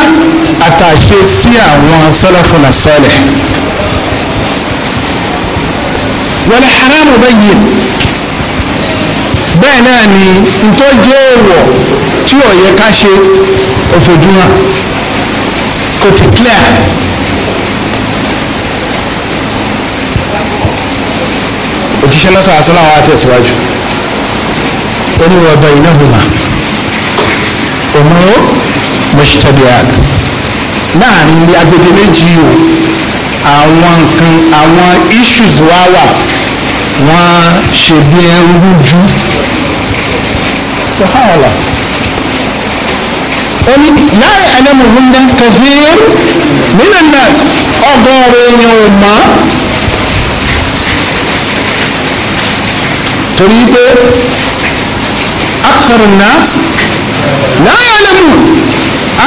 àtàṣe sí àwọn sálàfùnà sálẹ̀ wal haramu bayyin bẹ́ẹ̀ náà ni ntọ́jú èèwọ̀ tí ò yẹ ká ṣe òfojúmọ́ kò ti clear. òjíṣẹ́ náà sọ̀rọ̀ sọ́nà àwọn àtẹ̀síwájú oníwọ̀n ọba ìnáhùnmá òmùú mushtabihat láàrin ilé agbede méjì o àwọn nǹkan àwọn issues wá wà wọ́n ṣe bí ẹrú rújú subhanallah oni láyé ẹlẹ́mu húndá kẹfìr nínú nọ́ọ̀sì ọgọ́rùn èèyàn ò mọ́ torí pé akthar nọ́ọ̀sì láyé ẹlẹ́mu.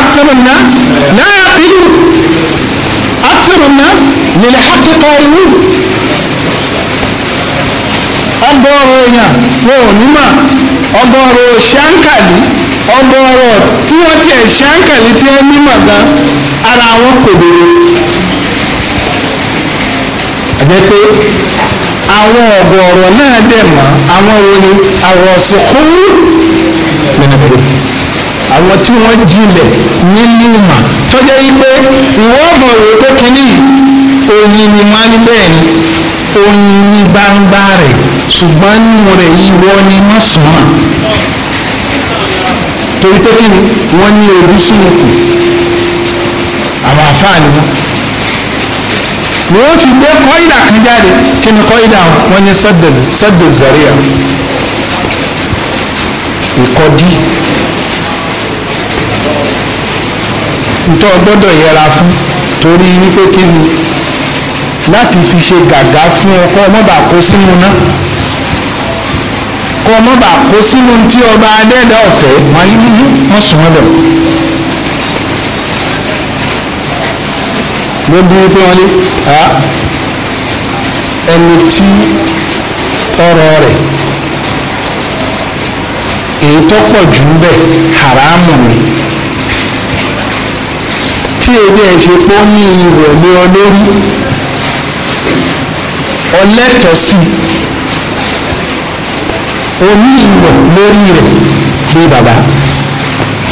أكثر الناس لا يعقلون أكثر الناس للحق قائلون ọgọ́rọ̀ èèyàn wọn ò ní mà ọgọ́rọ̀ ṣáńkàlì ọgọ́rọ̀ tí wọ́n tiẹ̀ ṣáńkàlì tí wọ́n ní mà gan ara wọn kò dòdò. àjẹ́ pé àwọn ọgọ́rọ̀ náà dẹ̀ mọ́ àwọn wo àwọn sùkúrú nínú àwọn tí wọ́n jinlẹ̀ nínú ìmọ̀ tọ́jọ́ yìí pé ìwọ́n ọ̀gbọ̀n rò pé kínní oyin ni wọ́n á ní bẹ́ẹ̀ ni oyin ní gbangba rẹ̀ ṣùgbọ́n nínú rẹ̀ yìí wọ́n ní mọ̀sánmà torí pé kí ni wọ́n ní olú sínú kù àwọn àfáà ni wọ́n ni fi gbé kọ́ìdà kan jáde kí ni kọ́ìdà wọ́n ní sọ́dọ̀ zaria ìkọ́dí. ntọ́ gbọ́dọ̀ yẹra fún torí wípé kí ni láti fi ṣe gàgá fún ọ kọ́ ọmọ bà kó sínú náà kọ́ ọmọ bà kó sínú tí ọba adẹ́dà ọ̀fẹ́ wọn yíyí wọn sùn lọ. ló bí pé wọn lé ẹni tí ọrọ̀ rẹ̀ èyí tó pọ̀ jù ń bẹ haramu ni tí o dé ṣe pé ó ní ìwọ̀ lé ọ lórí ọlẹ́tọ̀ sí i o ní ìwọ̀ lórí rẹ̀ bí bàbá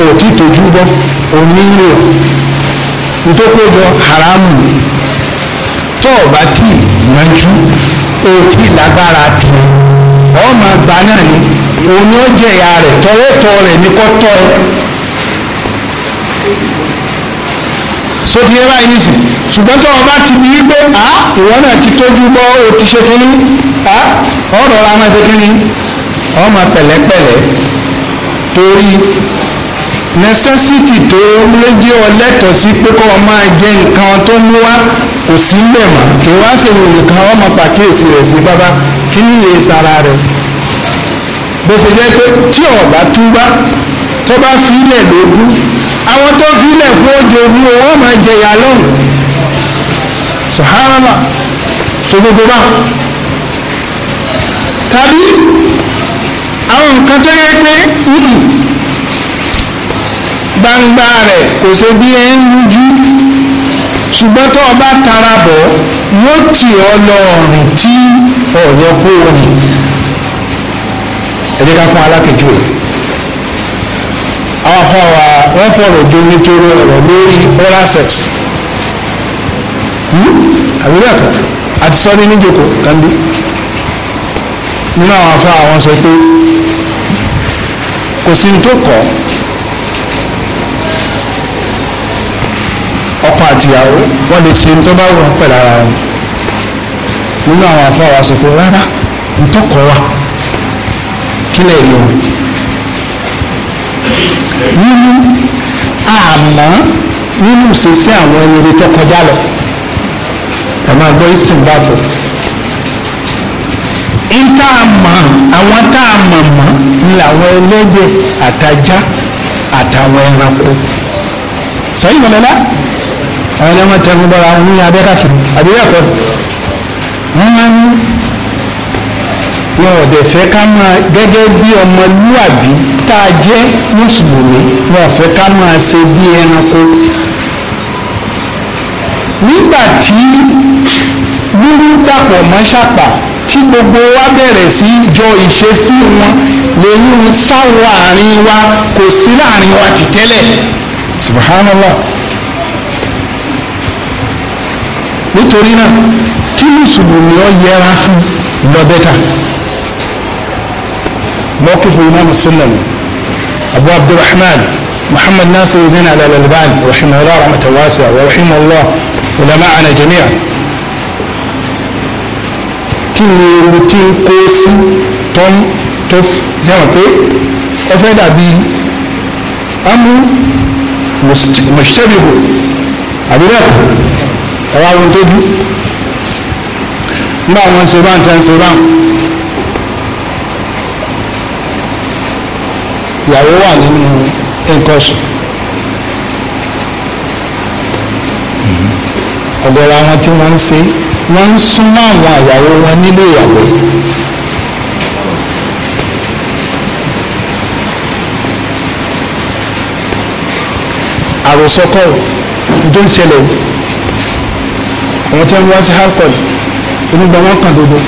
òtí tójú bọ́ o nílò ntókòjọ haramu tó o bá tí yanjú o tí lágbára tì ọ máa gbà náà ni òun jẹ̀yà rẹ̀ tọwọ́tọ̀ rẹ̀ ní kọ́tọ́ ẹ so ti yẹ báyìí nìsí ṣùgbọ́n tó o bá ti di wípé a ìwọ náà ti tójú bọ́ o ti ṣe kínní a ọ̀rọ̀ ra máa ṣe kínní ọmọ pẹ̀lẹ́pẹ̀lẹ́ torí necessity tó ló jẹ́ ọ lẹ́tọ̀ọ́ sí pé kó o máa jẹ nǹkan tó ń wá kò sí mbẹ̀ mọ́ kí wá ṣe wòlò kan ọmọ pàkíyèsí rẹ̀ sí bàbá kí ni iye sara rẹ̀ bó ṣe jẹ́ pé tí ọ̀bá túbá tó bá fi ilẹ̀ lógún àwọn tó filẹ̀ fún oúnjẹ òun o wọ́n máa jẹ ìyá lọ́hùn sàhánàlá tó gbogbo bá tàbí àwọn nǹkan tó yẹ pé gbangba rẹ̀ kò ṣe bí ẹ ń rújú ṣùgbọ́n tó o bá tara bọ̀ yóò tì ọ́ lọ rìn tí ọ̀yọ́ kó rìn ẹ̀jẹ̀ ká fún alákejì rẹ̀ àwọn afọwà wọn fọ̀rọ̀ jó nítorí ọ̀rọ̀ lórí oral sex hmm? àbúrò ẹ̀kọ́ àti sọ́ni níjòkó kandi nínú àwọn afọ àwọn sọ pé kò sí tó kọ́ ọkọ àtìyàwó wọ́n lè ṣe tó bá wù wọ́n pẹ̀lú ara wọn nínú àwọn afọ àwọn sọ pé rárá ntọ́kọ̀ wa kílẹ̀ ìlú wọn nínú àmọ́ nínú ìṣesí àwọn ẹni rere tó kọjá lọ ẹ máa gbọ́ eastern bible ìta àmọ́ àwọn tá a mọ̀ mọ́ ni àwọn ẹlẹ́dẹ̀ àtajá àtàwọn ẹranko sọyìn mọ̀lẹ́lá àwọn ẹni wọn tẹnu bọ́ra wọn ní abẹ́kàkiri àbí ẹ̀kọ́ wọn máa ń wọn ò dẹ̀ fẹ́ ká máa gẹ́gẹ́ bí ọmọlúwàbí tá a jẹ́ mùsùlùmí wọn ò fẹ́ ká máa ṣe bí ẹranko. nígbà tí lúrú dàpọ̀ mọ́ ṣàpà tí gbogbo wa bẹ̀rẹ̀ sí jọ ìṣesí wọn lèyún sáwọ àárín wa kò sí láàrin wa ti tẹ́lẹ̀ subhanallah nítorí náà kí mùsùlùmí ọ yẹra fún lọ bẹ́tà. موقف الإمام السلمي أبو عبد الرحمن محمد ناصر الدين على الألباني رحمه الله رحمة واسعة ورحمه الله علماءنا جميعا kí ni ewu توم ń kó sí tó ń tó مشتبه pé ó fẹ́ dàbí amú mọ̀ṣẹ́bìbò àbílẹ̀kù ẹ̀rọ àwọn tó ìyàwó wà nínú nǹkan oṣù mhm. ọ̀gọ̀rọ̀ àwọn tí wọ́n ń ṣe wọ́n ń súnmọ́ àwọn àyàwó wọn nílé ìyàwó àròsọ kọ̀ọ̀ tó ń ṣẹlẹ̀ àwọn tí wọ́n wá sí harcourt onígbà wọn kàn dodo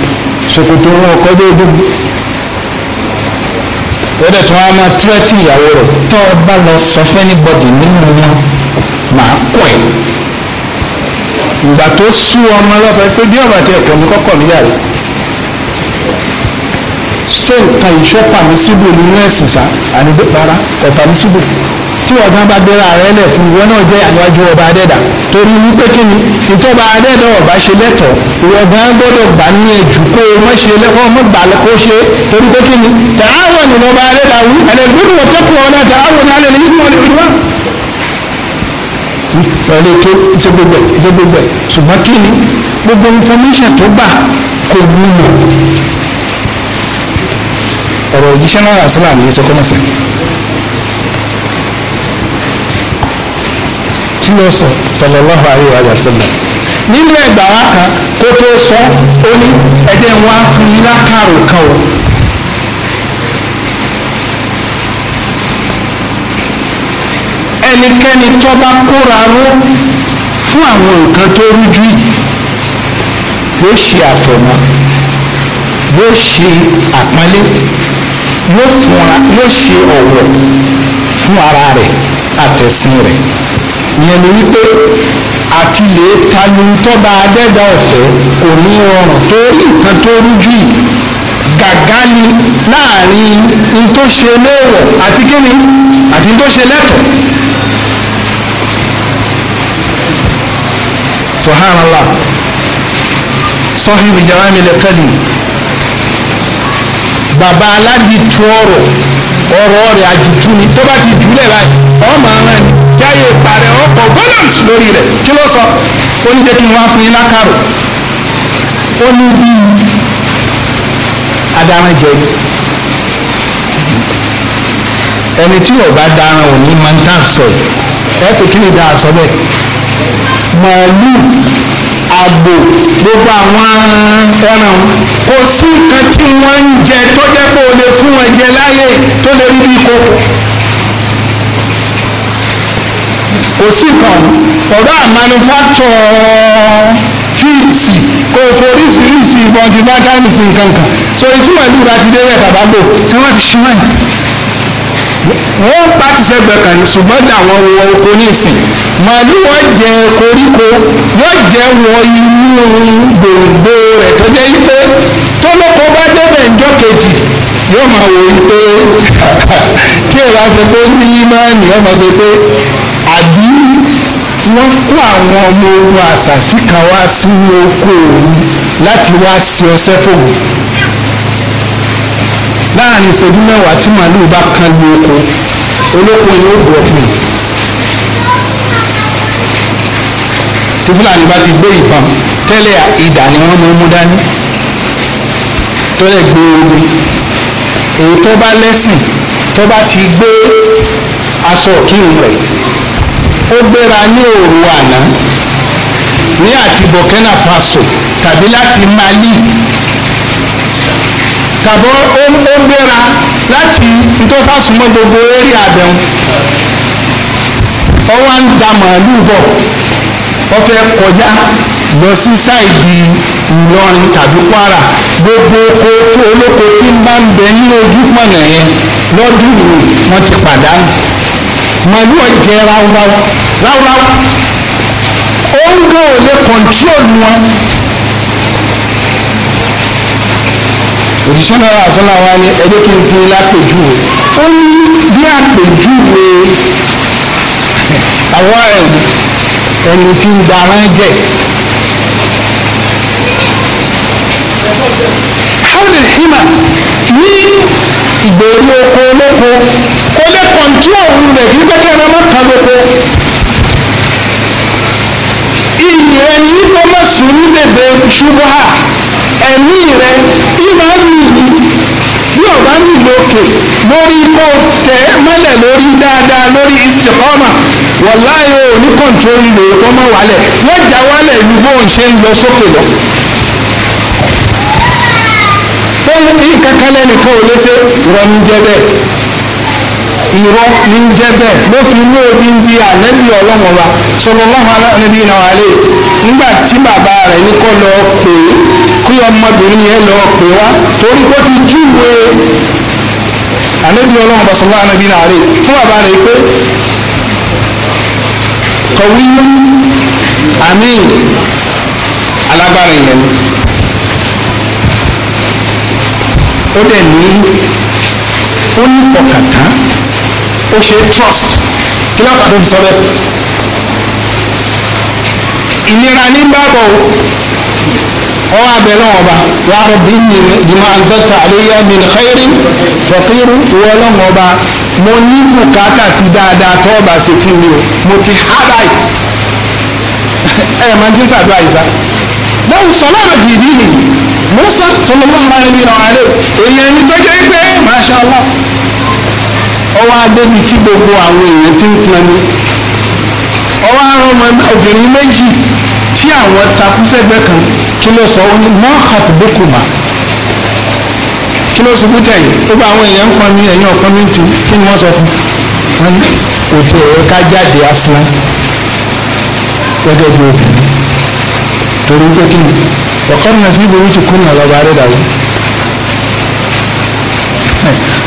ṣòkòtò wọn ọkọ̀ dé ọdẹ tí wọn máa tírẹ́tì ìyàwó rẹ̀ tó o bá lọ sọ fún anybody nínú wọn màá kọ̀ ẹ́ ìgbà tó sú ọmọ lọ́fẹ̀ẹ́ pé bí ọ̀bà tí ẹ̀kọ́ mi kọ́kọ́ mi yàrá ṣé nǹkan ìṣọ́ pàmísíbù nínú ẹ̀sìn sá àníbẹ̀ rárá kò pàmísíbù tí ọ̀gá bá gbéra rẹ̀ lẹ̀ fún ìwọ náà jẹ́ àníwájú ọba adẹ́dà torí wípé kí ni ìjọba adẹ́dà ọba ṣe lẹ́tọ̀ọ́ ìwọ gan gbọ́dọ̀ gbà ní ẹ̀jú kó o mọ̀ ṣe lẹ́kọ́ mọ̀ gbà kó ṣe torí pé kí ni tààwọn ni ọba adẹ́dà wí ẹ̀lẹ́gbẹ́dùn wọ́n tẹ́kọ̀ọ́ náà tààwọn náà lè ní ìmọ̀ nípa pẹ̀lú tó ṣe gbogbo ẹ̀ ṣe gbogbo ẹ̀ ṣùgbọ́n kí ni gbogbo information tó gbà ọ̀rọ̀ òjíṣẹ́ náà tí ó sọ sallallahu alayhi wa sallam nínú ẹgbà wa kan kó tó sọ ó ní ẹjẹ wọn á fún yín látàrò kan o. ẹnikẹ́ni tó bá kóra ró fún àwọn nǹkan tó rújú yóò ṣe àfọ̀mọ́ yóò ṣe àpọ́nlé yóò ṣe ọ̀wọ̀ fún ara rẹ̀ àtẹ̀sìn rẹ̀ ìyẹn ni wípé àti lè tanu tọ́ba adẹ́dà ọ̀fẹ́ kò ní rọrùn torí nǹkan tó rújú yìí gàgá ni láàrin n tó ṣe léèwọ̀ àti kíni àti n tó ṣe lẹ́tọ̀ọ́. subhanallah sọ́hìn ìjọba mi lè kẹ́lì bàbá aládìí tu ọ̀rọ̀ ọ̀rọ̀ rẹ̀ àjùtú ni tó bá ti jùlẹ̀ báyìí ọmọ ara jáyé ìparẹ́ ọkọ̀ volumes lórí rẹ̀ kí ló sọ ó ní jẹ́ kí n wá fún yín lákàrò ó ní bíi adaránjẹ ẹni tí yóò bá daran ò máa ń tà sọ ẹ kò kí ni dáa sọ bẹ́ẹ̀ màálù àgbò gbogbo àwọn ẹran kò sí nǹkan tí wọ́n ń jẹ tó jẹ́ pé o lè fún wọn jẹ láyé tó lè rí bí kókó. kò sí kan ọ̀rọ̀ àmanufacture fíìtì kò foríṣiríṣi ìbọn ti bá káyọ̀sì nǹkan kan so ìtumọ̀ ìlú bá ti dé rẹ̀ tàbágbò kí wọ́n ti ṣúná ẹ̀ wọ́n bá ti sẹ́gbẹ̀ kan ní ṣùgbọ́n dàwọn wọ oko ní ìsìn màálù wọn jẹ koríko yóò jẹ wọ inú gbòǹgbò rẹ̀ tó jẹ́ wípé tọ́lọ́kọ bá débẹ̀ ńjọ́ kejì yóò máa wò wípé kí ẹ bá sọ pé ní imáàní yóò máa sọ pé àbí wọ́n kó àwọn ọmọ ogun àṣàṣì kan wá sínú oko òun láti wá sí ọṣẹ́ fòun láàrin ìṣẹ́jú mẹ́wàá tí màálùú bá kan lu oko olóko ni ó bọ̀ ọ̀pìn tí fúlàní bá ti gbé ìbọn tẹ́lẹ̀ ìdà ni wọ́n máa mú dání tọ́lẹ̀ gbé omi èyí tó bá lẹ́sìn tó bá ti gbé aṣọ kírun rẹ̀ ó gbéra ní òru àná ní àti Burkina Faso tàbí láti Mali tàbọ̀ ó gbéra láti ntọ́sàsùmọ́ gbogbo eré àbẹ̀wò ó wá ń da màálù bọ̀ ó kọjá lọ sí sáìdì Ìlọrin tàbí Kwara gbogbo olóko tí ń bá ń bẹ ní ojú yẹn ti màálù ọ̀jẹ̀ ráúráú ráúráú oúnjẹ ò lè control wọn. òṣìṣẹ́ náà àṣọlá wa ni ẹni kí n fi lápèjúwe ó ní bí àpèjúwe àwọn ẹni tí ń darán jẹ. How did hima ní ìgbèrú oko olóko kó lè kọ̀ǹtú òru rẹ̀ kí gbẹ́kẹ́ rẹ má kan lóko. iyì rẹ ní kó má sùn ní bèbè ṣubúhà ẹ̀mí rẹ ìmọ̀ nìyí bí ọba nílò òkè lórí kó tẹ̀ mọ́lẹ̀ lórí dáadáa lórí istikọ́mà wọ̀láyò ní kọ̀ǹtú òru rẹ̀ kó má wálẹ̀ wọ́n jà wálẹ̀ ìlú bóun ṣe ń lọ sókè lọ. ní kankan lẹ́nìkan ò lè ṣe irọ́ ní jẹ́ bẹ́ẹ̀ irọ́ ní jẹ́ bẹ́ẹ̀ ló fi mú omi ń di ànẹ́bí ọlọ́wọ́n wa sọlọ́láhùn aláàbí náà alẹ́ nígbà tí bàbá rẹ̀ ní kọ́ lọ pè é kí ọmọbìnrin yẹn lọ pè wá torí pé ó ti júwe ànẹ́bí ọlọ́wọ́n bá sọlọ́láhùn aláàbí náà alẹ́ fún bàbá rẹ̀ pé kọ̀wé àmì alágbára ìyẹn ó dẹ̀ ní ó ní fọkàntán ó ṣe trust kí ló pàdé sọ bẹ́ẹ̀. ìnira ní bábọ̀ o ọwọ́ abẹ náà ọba wàá rọ bí jìmọ̀ anzalta àléyá min khairin faqiru wọ́ọ́ lọ́wọ́ ọba mo ní bùkátà sí dáadáa tó ọba ṣe fún mi o mo ti há báyìí ẹ ẹ máa ń jẹ́ sàdúrà yìí sá. lẹ́yìn sọ́lá rẹ̀ bìbí nìyí. Musa sallallahu alaihi wa alẹ́ èèyàn ní tọ́jú pé masha Allah ọwọ́ adébi tí gbogbo àwọn èèyàn ti ń pinnu ọwọ́ arọ́mọ obìnrin méjì tí àwọn takú sẹ́gbẹ́ kan kí ló sọ wọn mọ́ àtúbókùmá kí ló ṣubú tẹ̀ yìí gbogbo àwọn èèyàn ń pọnmi ẹ̀yìn ọ̀pọnmi tu kí ni wọ́n sọ fún wọn ní òtí ẹ̀rọ ká jáde asán gẹ́gẹ́ bí obìnrin torí pé kí ni wọ́kọ́rùn náà fi ibi wíjì kún náà lọ́ba rẹ̀ dàrú.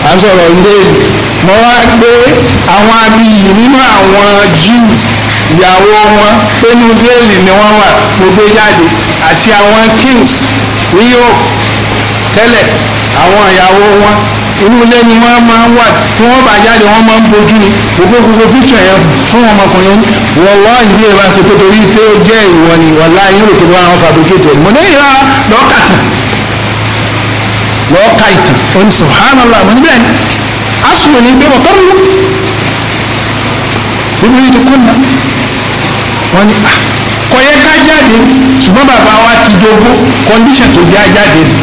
à ń sọ̀rọ̀ ilé mo wá gbé àwọn abiyì nínú àwọn Jews ìyàwó wọn pé ní bẹ́ẹ̀lì ni wọ́n wà mo gbé jáde àti àwọn kings ní Europe tẹ́lẹ̀ àwọn ìyàwó wọn inú ilé ni wọ́n máa ń wà tí wọ́n bá jáde wọ́n máa ń bojú ni gbogbo gbogbo píkṣọ̀ yẹn fún ọmọkùnrin wọ́lọ́ ìbí ẹ̀ bá ṣe pé torí tó jẹ́ ìwọ ni wọ́lá yín rò pé wọ́n àwọn fabricate ẹ̀ mọ̀ ní ìlà lọ́ọ̀kàtà lọ́ọ̀ka ìtàn oní subhanallah mo níbẹ̀ ni asùnwò ní gbé wọ́n kọ́rù gbogbo yìí ti kún náà wọ́n ní ah, kọ̀yẹ́ ká jáde ṣùgbọ́n bàbá wa ti dogo condition tó jẹ́ ajáde ni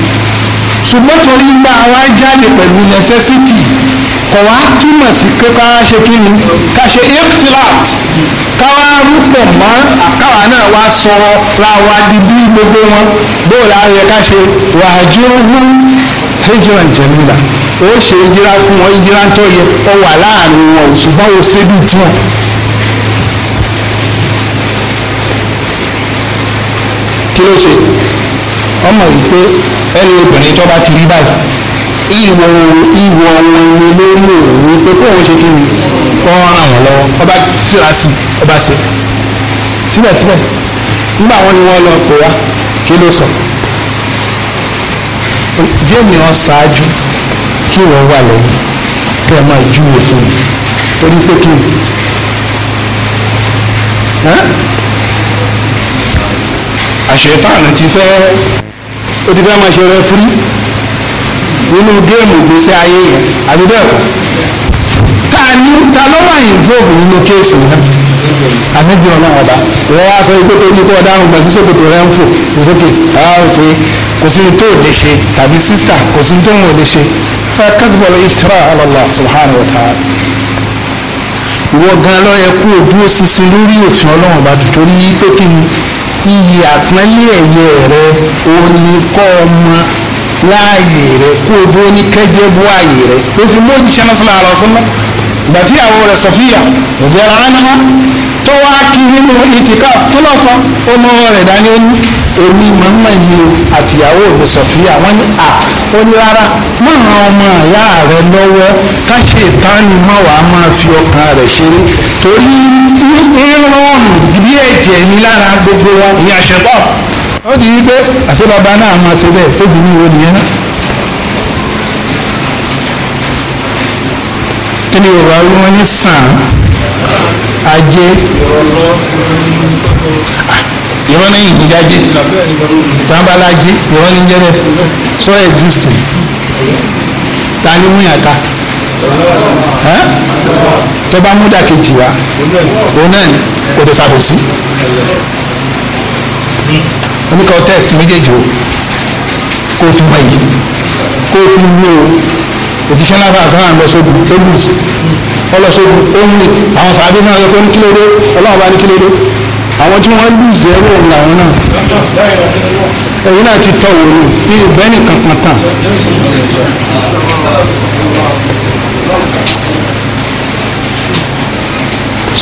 ṣùgbọ́n torí gbà wá jáde pẹ̀lú necessity kò wá túmọ̀ sí pé ká ṣe kí ni ká ṣe ikhtilat ká wá rúpọ̀ mọ́ àkàwà náà wá sọ ra wa di bí gbogbo wọn bóòlù ayẹ ká ṣe wàjúrú hijran jamila ó ṣe ìjìra fún wọn ìjìra tó yẹ ọ wà láàrin wọn ò ṣùgbọ́n ó ṣe bí tiwọn. kí ló ṣe? ọmọ yìí pé ẹni obìnrin tó bá ti rí báyìí ìwọ ìwọ wọn ni lórí òun pé kó òun ṣe kí ni kó wọn ràn wọn lọ́wọ́ ọba síra sí ọba sí síbẹ̀síbẹ̀ nígbà wọn ni wọn lọ pè wá kí ló sọ jéèmì wọn ṣáájú kí wọn wà lẹ́yìn kí ẹ máa júwe fún mi torí pé kí ni àṣetánù ti fẹ́ ó ti fẹ́ máa ṣe rẹfúrí nínú géèmù gbèsè ayé yẹn àbí bẹ́ẹ̀ kọ́ ta ni ta ló wà involve nínú kéèsì náà ànábì ọlọ́run ọba wọ́n wá sọ pé torí pé ọ̀daràn gbọ̀n sí sòkòtò rẹ̀ ń fò kò sókè ara rò pé kò sí ní tó lè ṣe tàbí sísítà kò sí ní tó mọ̀ lè ṣe kájúbọ̀lù iftira ala Allah subhanahu wa ta'ala ìwọ gan ló yẹ kó o dúró sinsin lórí òfin ọlọ́run ọba torí pé kí ni iyì àpọ́nlé ẹ̀yẹ rẹ òní kọ́ ọmọ láàyè rẹ kó o dúró ní kẹ́jẹ́ bó àyè rẹ ló fi mú òjíṣẹ́ náà sọ́nà àlọ́ gbàtí àwọn rẹ̀ sọ̀fíà òbí ara náà tó wá kí nínú itikaf kí ló sọ ọmọ rẹ̀ dání ó ní èmi màmá yìí o àtìyàwó mi sọ̀fíà wọ́n ní à ó ní rárá má ran ọmọ àyá rẹ lọ́wọ́ ká ṣe ìtánì má wàá máa fi ọkàn rẹ̀ ṣeré torí ìrọ̀rùn bí ẹ̀jẹ̀ ní lára gbogbo wọn ìyá ṣẹ̀pọ̀ ó di pé àṣẹ bàbá náà máa ṣe bẹ́ẹ̀ obìnrin wo nìyẹn náà. kí ni yorùbá wí ní sàn án ajé ìran lẹ́yìn ìgbìjà ajé tambala ajé ìran ní jẹ́rẹ̀ so existing ta ni mú yàn ká tó bá mú dàkejì wá òun náà ni kò tó sàbòsí oníkà tẹ́ẹ̀sì méjèèjì o kó o fi mọ yìí kó o fi mú o òjíṣẹ́ náà fà sọ́nà lọ sóògùn lóògùn sí ọlọ́sọ́gun omi àwọn sàbí náà yọ ní kílódé ọlọ́run ní kílódé àwọn tí wọ́n lù zẹ́rọ̀ làwọn náà ẹ̀yin náà ti tọ̀ wòlò ní ìbẹ́ nìkan kan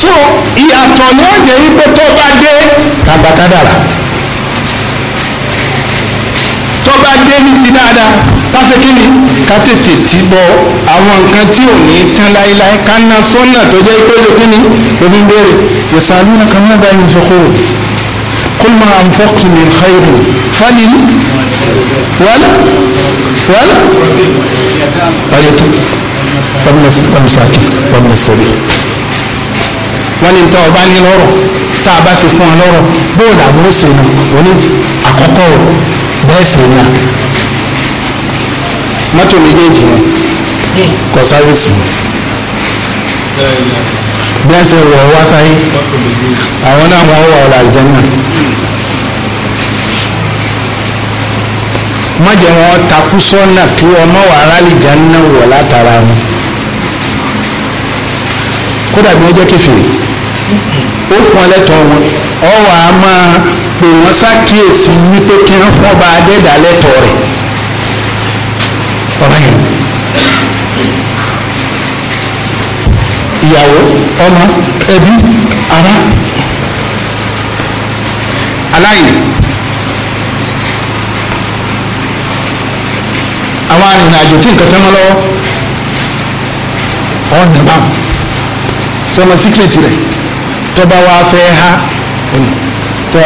so ìyàtọ̀ ni ó jẹ́ wípé tó bá dé. tàbátà dára bá dé ní ti dáadáa káṣe kí ni ká tètè ti bọ àwọn nǹkan tí ò ní tán láéláé ká ná sọ́nà tó jẹ́ pé lè kí ni òfin béèrè ìsàlù náà kan náà bá yín fọ́kọ́ o kul ma anfaqtum min khairin falil wal wal ayatu wàmùsàkì wàmùsàbí wọ́n ní tọ́ ọba ní lọ́rọ̀ tá a bá ṣe fún ọ lọ́rọ̀ bóòlù àbúrò ṣe nà wọ́n ní àkọ́kọ́ o bẹ́ẹ̀ sì nà mọ́tò méjèèjì yẹn kọ sáyẹ́sì bí wọ́n ṣe wọ̀ wá sáyé àwọn náà wọ́n wọ̀ ọ̀rọ̀ àjẹ́nà má jẹ́ wọn takú sọ́nà kí wọ́n mọ̀ wá rálì jẹ́nà wọ̀ látara wọn kódà bí wọ́n jẹ́ kẹfìrì ó fún ọ lẹ́tọ̀ọ́ wọn ọ wà á máa pè wọ́n ṣàkíyèsí wípé kí wọ́n fún ọba adẹ́dà lẹ́tọ̀ọ́ rẹ̀ ọ̀rọ̀ yẹn ìyàwó ọmọ ẹbí ará aláìní àwọn arìnrìnàjò tí nǹkan tẹ́ wọn lọ́wọ́ ọ̀nà báwọn sọmọ síkírètì rẹ̀ tọ́ba wa fẹ́ ha tó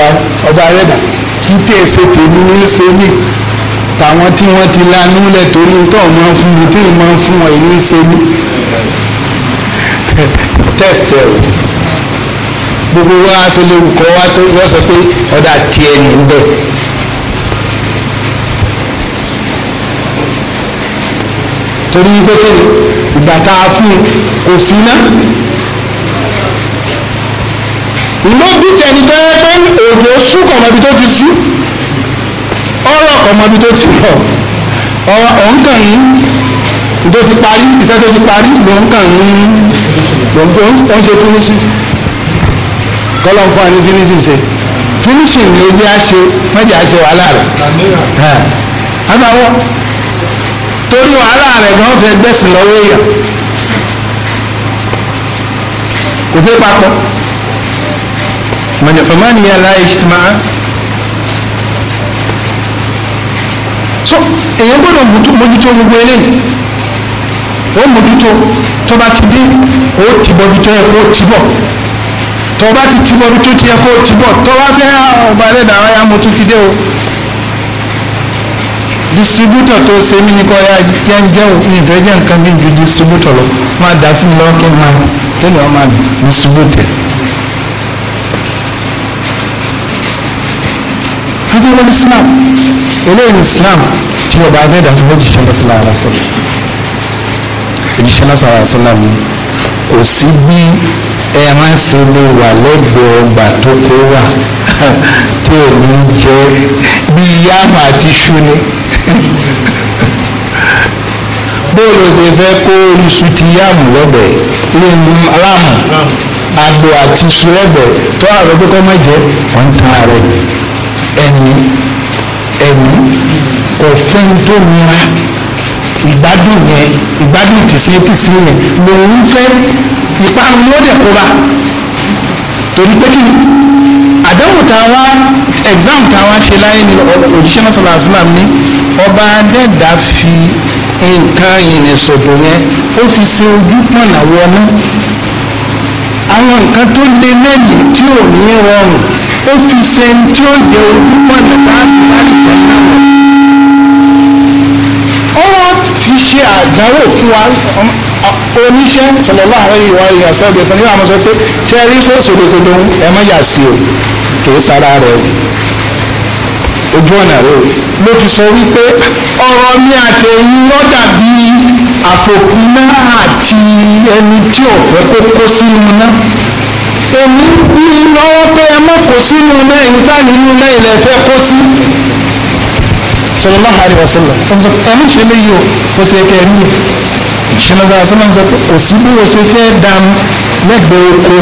ọba rẹ̀dà kí tèèfé tèmi ní í ṣe mí tàwọn tí wọ́n ti lanú lẹ̀ torí ń tọ́ máa ń fún mi téè máa ń fún wọn ní í ṣe mí test ẹ o gbogbo wa ṣe lè kọ́ wa tó wọ́n sọ pé ọ̀dà tiẹ̀ ní bẹ́ẹ̀. torí pé kéde ìgbà tá a fún kò sí náà ìlóbi tẹni tó yẹ pé òjò sú kọ̀mọ́bi tó ti sú ọ̀rọ̀ kọ̀mọ́bi tó ti rọ̀ ọ̀rọ̀ òǹkàn yìí tó ti parí iṣẹ́ tó ti parí ló ń kàn ń lọ́nfọ́ ó ń ṣe finishing kọ́lọ́ fún wa ní finishing ṣe finishing ni ó jẹ́ àṣe mẹ́jẹ̀ àṣe wàhálà rẹ̀ àbáwọ̀ torí wàhálà rẹ̀ gan fẹ́ gbẹ̀sìn lọ́wọ́ èèyàn kò fẹ́ papọ̀. فمانية لا يجتمع so èyàn gbọ́dọ̀ mójútó gbogbo eléyìí wọ́n mójútó tó bá ti dé ó ti bọ̀ bí tó yẹ kó ti bọ̀ tó bá ti ti bọ̀ bí tó ti yẹ kó ti bọ̀ tó bá fẹ́ ah, ọba ẹlẹ́dàá ara yà mọ́ ti dé o distributor tó ṣe mí ní kọ́ ya jẹ́ ń jẹ́ ìfẹ́ jẹ́ nǹkan bí ju distributor lọ máa dá sí mi lọ́wọ́ kí n máa tẹ́lẹ̀ ọ́ máa distribute. dé wọ́n Islam eléyìí ní Islam tí ọba abẹ́ẹ̀dà tó bójú ṣẹlẹ̀ sílá ara sọ́lá ìjíṣẹ́lá sọ́lá sọ́lá mi kò sí bí ẹran ṣe lè wà lẹ́gbẹ̀ẹ́ ọgbà tó kó wà tí ò ní jẹ́ bí yáàmù àti ṣúlẹ̀ bóòlù ṣe fẹ́ kó iṣu ti yáàmù lọ́gbẹ̀ẹ́ ilé aláàmù àgbò àti iṣu lẹ́gbẹ̀ẹ́ tó àrò pé kọ́ mọ́ jẹ́ wọ́n ń tan ara rẹ̀ ẹ̀mí ẹ̀mí kò fẹ́ tó nira ìgbádùn yẹn ìgbádùn tìsín tìsín yẹn lòun fẹ́ ìparun ló dẹ̀ kóra torí pé kí àdéhùn táwa exam táwa ṣe láyé ni òjíṣẹ́ náà sọ̀rọ̀ àṣìlám ní ọba adẹ́dà fi nǹkan ìrìnsọ̀dọ̀ yẹn ó fi ṣe ojú pọ̀nà wọnú àwọn nǹkan tó lé lẹ́yìn tí ò ní rọrùn ó fi ṣe tí ó jẹ ojúmọ́ nípa láti jẹ náà ó wá fi ṣe àdánwò fún wa oníṣẹ́ sọlọ́lá àwọn ìwà ìyá sọ́ọ̀dẹ̀ fún níwáwọn sọ pé ṣé ẹ rí sóṣòdoṣodo ẹ má yà sí o kì í sara rẹ o ojú ọ̀nà rẹ o ló fi sọ wípé ọ̀rọ̀ mi àtẹ̀yìn ó dàbí àfòkù náà àti ẹni tí ò fẹ́ kó kó sínú náà èmi ní lọ́wọ́ pé ẹ mọ̀ kó sínú iná ìfá nínú iná ilẹ̀ fẹ́ kó sí. sallallahu alaihi wasallam ẹ ní ṣe léyìí o kò sí ẹkẹ rí o ṣẹlẹ̀ sọlá sọ pé kò bí o ṣe fẹ́ dam lẹ́gbẹ̀ẹ́ oko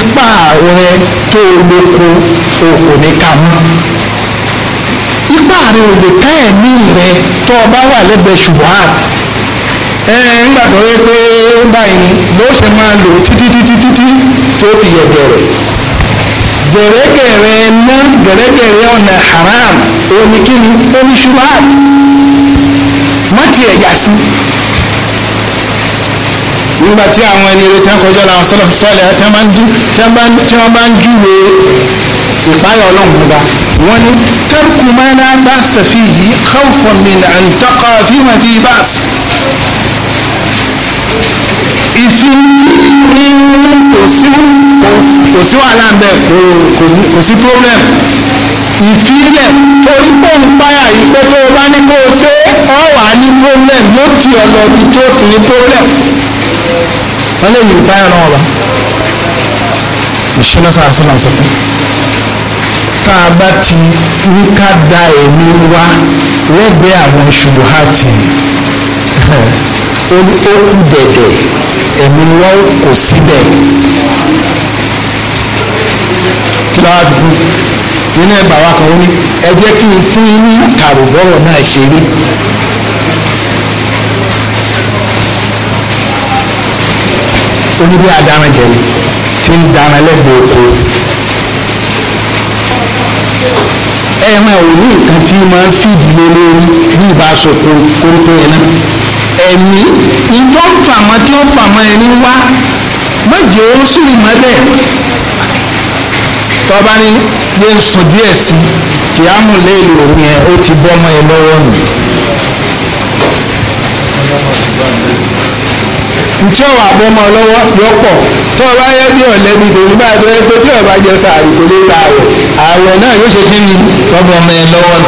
ipa rẹ tó lóko òkò ní kàmú ipa rẹ ò lè ká ẹ̀mí rẹ tó o bá wà lẹ́gbẹ̀ẹ́ ṣùgbọ́n ẹ ńgbà tó yẹ pé báyìí ni ló ṣe máa lò títí títí títí tó fi yẹ gẹ̀rẹ̀ gẹ̀rẹ́gẹ̀rẹ́ ná gẹ̀rẹ́gẹ̀rẹ́ ọ̀nà haram omi kíni omi ṣubhat má tiẹ̀ yà sí nígbà tí àwọn ẹni rẹ tán kọjá làwọn sọlọfù sọlẹ tí wọn bá ń ju tí wọn bá ń tí wọn bá ń júwe ń bá sàfihì fíìbáàsì ìfi kò sí kò sí wàhálà ń bẹ kò kò sí problem ìfilẹ̀ torí pé ń páyà yìí pé tó o bá ní kó o ṣe ọ wà ní problem yóò ti ọ̀nà ibi tó ti ní problem wọ́n lè yìí báyọ̀ náà wà ìṣúná sáà sọ́nà sọ́nà tá a bá ti ní ká da èmi wá lẹ́gbẹ̀ẹ́ àwọn ṣubuhati ó kú dẹ̀dẹ̀ ẹ̀mí wọn kò síbẹ̀ kí ló wá fi kún nínú ẹgbà wa kan ó ní ẹ jẹ́ kí n fún yín ní àtàrò bọ́rọ̀ náà ṣe rí. oníbí adarajẹ ni tí ń dara lẹ́gbẹ̀ẹ́ oko ẹ máa wò ní nǹkan tí máa ń fìdí lé lórí bí ìbá so koríko yẹn náà ẹ̀mí ìjọ fàmọ́ tí ó fàmọ́ ẹni wá méje ó sì mọ́lẹ̀ tọ́ba ní yé ń sùn díẹ̀ sí kì á mú léèlú òun yẹn ó ti bọ́ ọmọ ẹ lọ́wọ́ nù. ntí ọ̀wà àbọ̀mọ́ lọ́wọ́ yọ pọ̀ tó o bá yẹ bí ọ̀lẹ́bí tòun bá tó yẹ pé tí o bá jẹ sàárì kò lè gba àwẹ̀ àwẹ̀ náà yóò ṣe kí ni lọ́bọ̀ ọmọ ẹ lọ́wọ́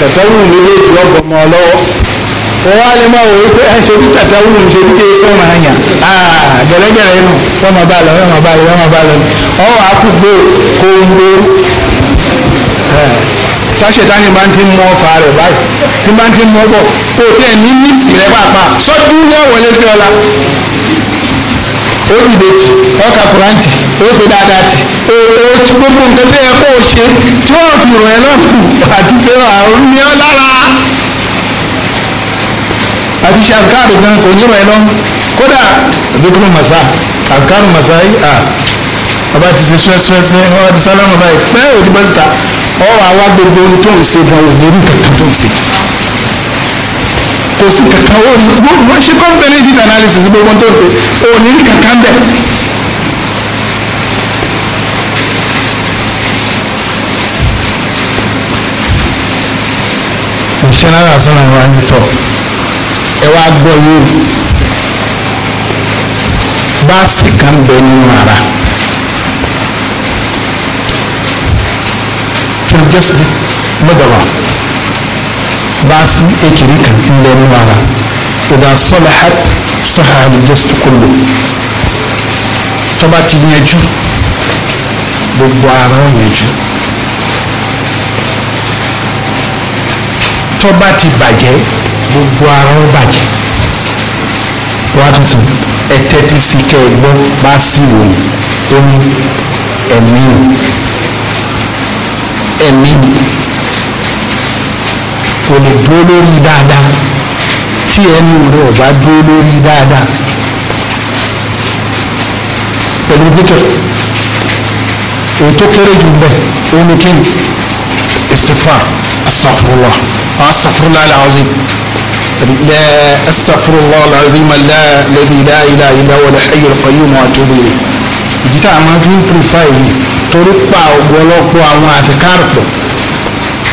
tọ̀tọ̀ wù mí lè fi ọgbọ̀n ọmọ lọ́wọ́ wọ́n á lè máa wò wípé ẹ ṣe bí tàtà wù ní ṣe bí kí ó máa yàn áà ah, gẹ̀rẹ́gẹ̀rẹ́ nù wọ́n máa bá lọ wọ́n máa bá lọ wọ́n máa bá lọ ọ wà á kú gbó kó ń gbó eh, táṣetánì bá ń ti mú ọfà rẹ̀ báyìí tí bá ń ti mú ọbọ̀ kó tẹ̀ ní níìsì rẹ̀ pàápàá sọ́dún ní ọ̀wọ́lé sí ọ̀la o dìde tì ọkà kuranti o ṣe dáadáa tì o o ti gbogbo nǹkan tó yẹ kó o ṣe tí wọ́n fi rọ̀ ẹ́ lọ́sùn àti ṣe o ní ọ lára àti ṣe àfikáàrò gan kò ní ìrọ̀ẹ́ lọ kódà dókòrò masa àfikáàrò màsá yìí à bàbá ti ṣe ṣẹ́ṣẹ́ṣẹ́ wọ́n ti sálámù báyìí pẹ́ òdi bọ́ síta ọ̀rọ̀ àwa gbogbo ohun tó ń ṣe gan òní rí kankan tó ń ṣe kò sí kankan ó ní wọ́n ṣe kọ́ benefit analysis gbogbo tó ń ṣe òní rí kankan bẹ́ẹ̀. ìṣẹ́ náírà sọ́nà ìwà ẹni tọ̀ ẹ wá gbọ́ yín báàsì kan bẹ nínú ara kìlìjẹsìdì mọdàbà báàsì ekiri kan bẹ nínú ara ìdá sọlẹ̀hàt sọ̀hà àlìjẹsìdì kúlò tọ́ba ti yanjú gbogbo ara ó yanjú. tọ́ba ti bàjẹ́ gbogbo ara ó bàjẹ́ wá tún sùn ẹ tẹ́tí sí kẹ́ ẹ gbọ́ bá sì wò ní tó ní ẹ̀mí ẹ̀mí kò lè dúró lórí dáadáa tí ẹnu rẹ ò bá dúró lórí dáadáa pẹ̀lú dúkẹ́ èyí kéré jù bẹ́ẹ̀ òun ni kí ni istikfar لا أستغفر الله العظيم لا الذي لا إله إلا هو الحي القيوم وأتوب إليه ìdí tá a máa fi ń pèfà yìí torí pa ọ̀pọ̀lọpọ̀ àwọn àfikárùpọ̀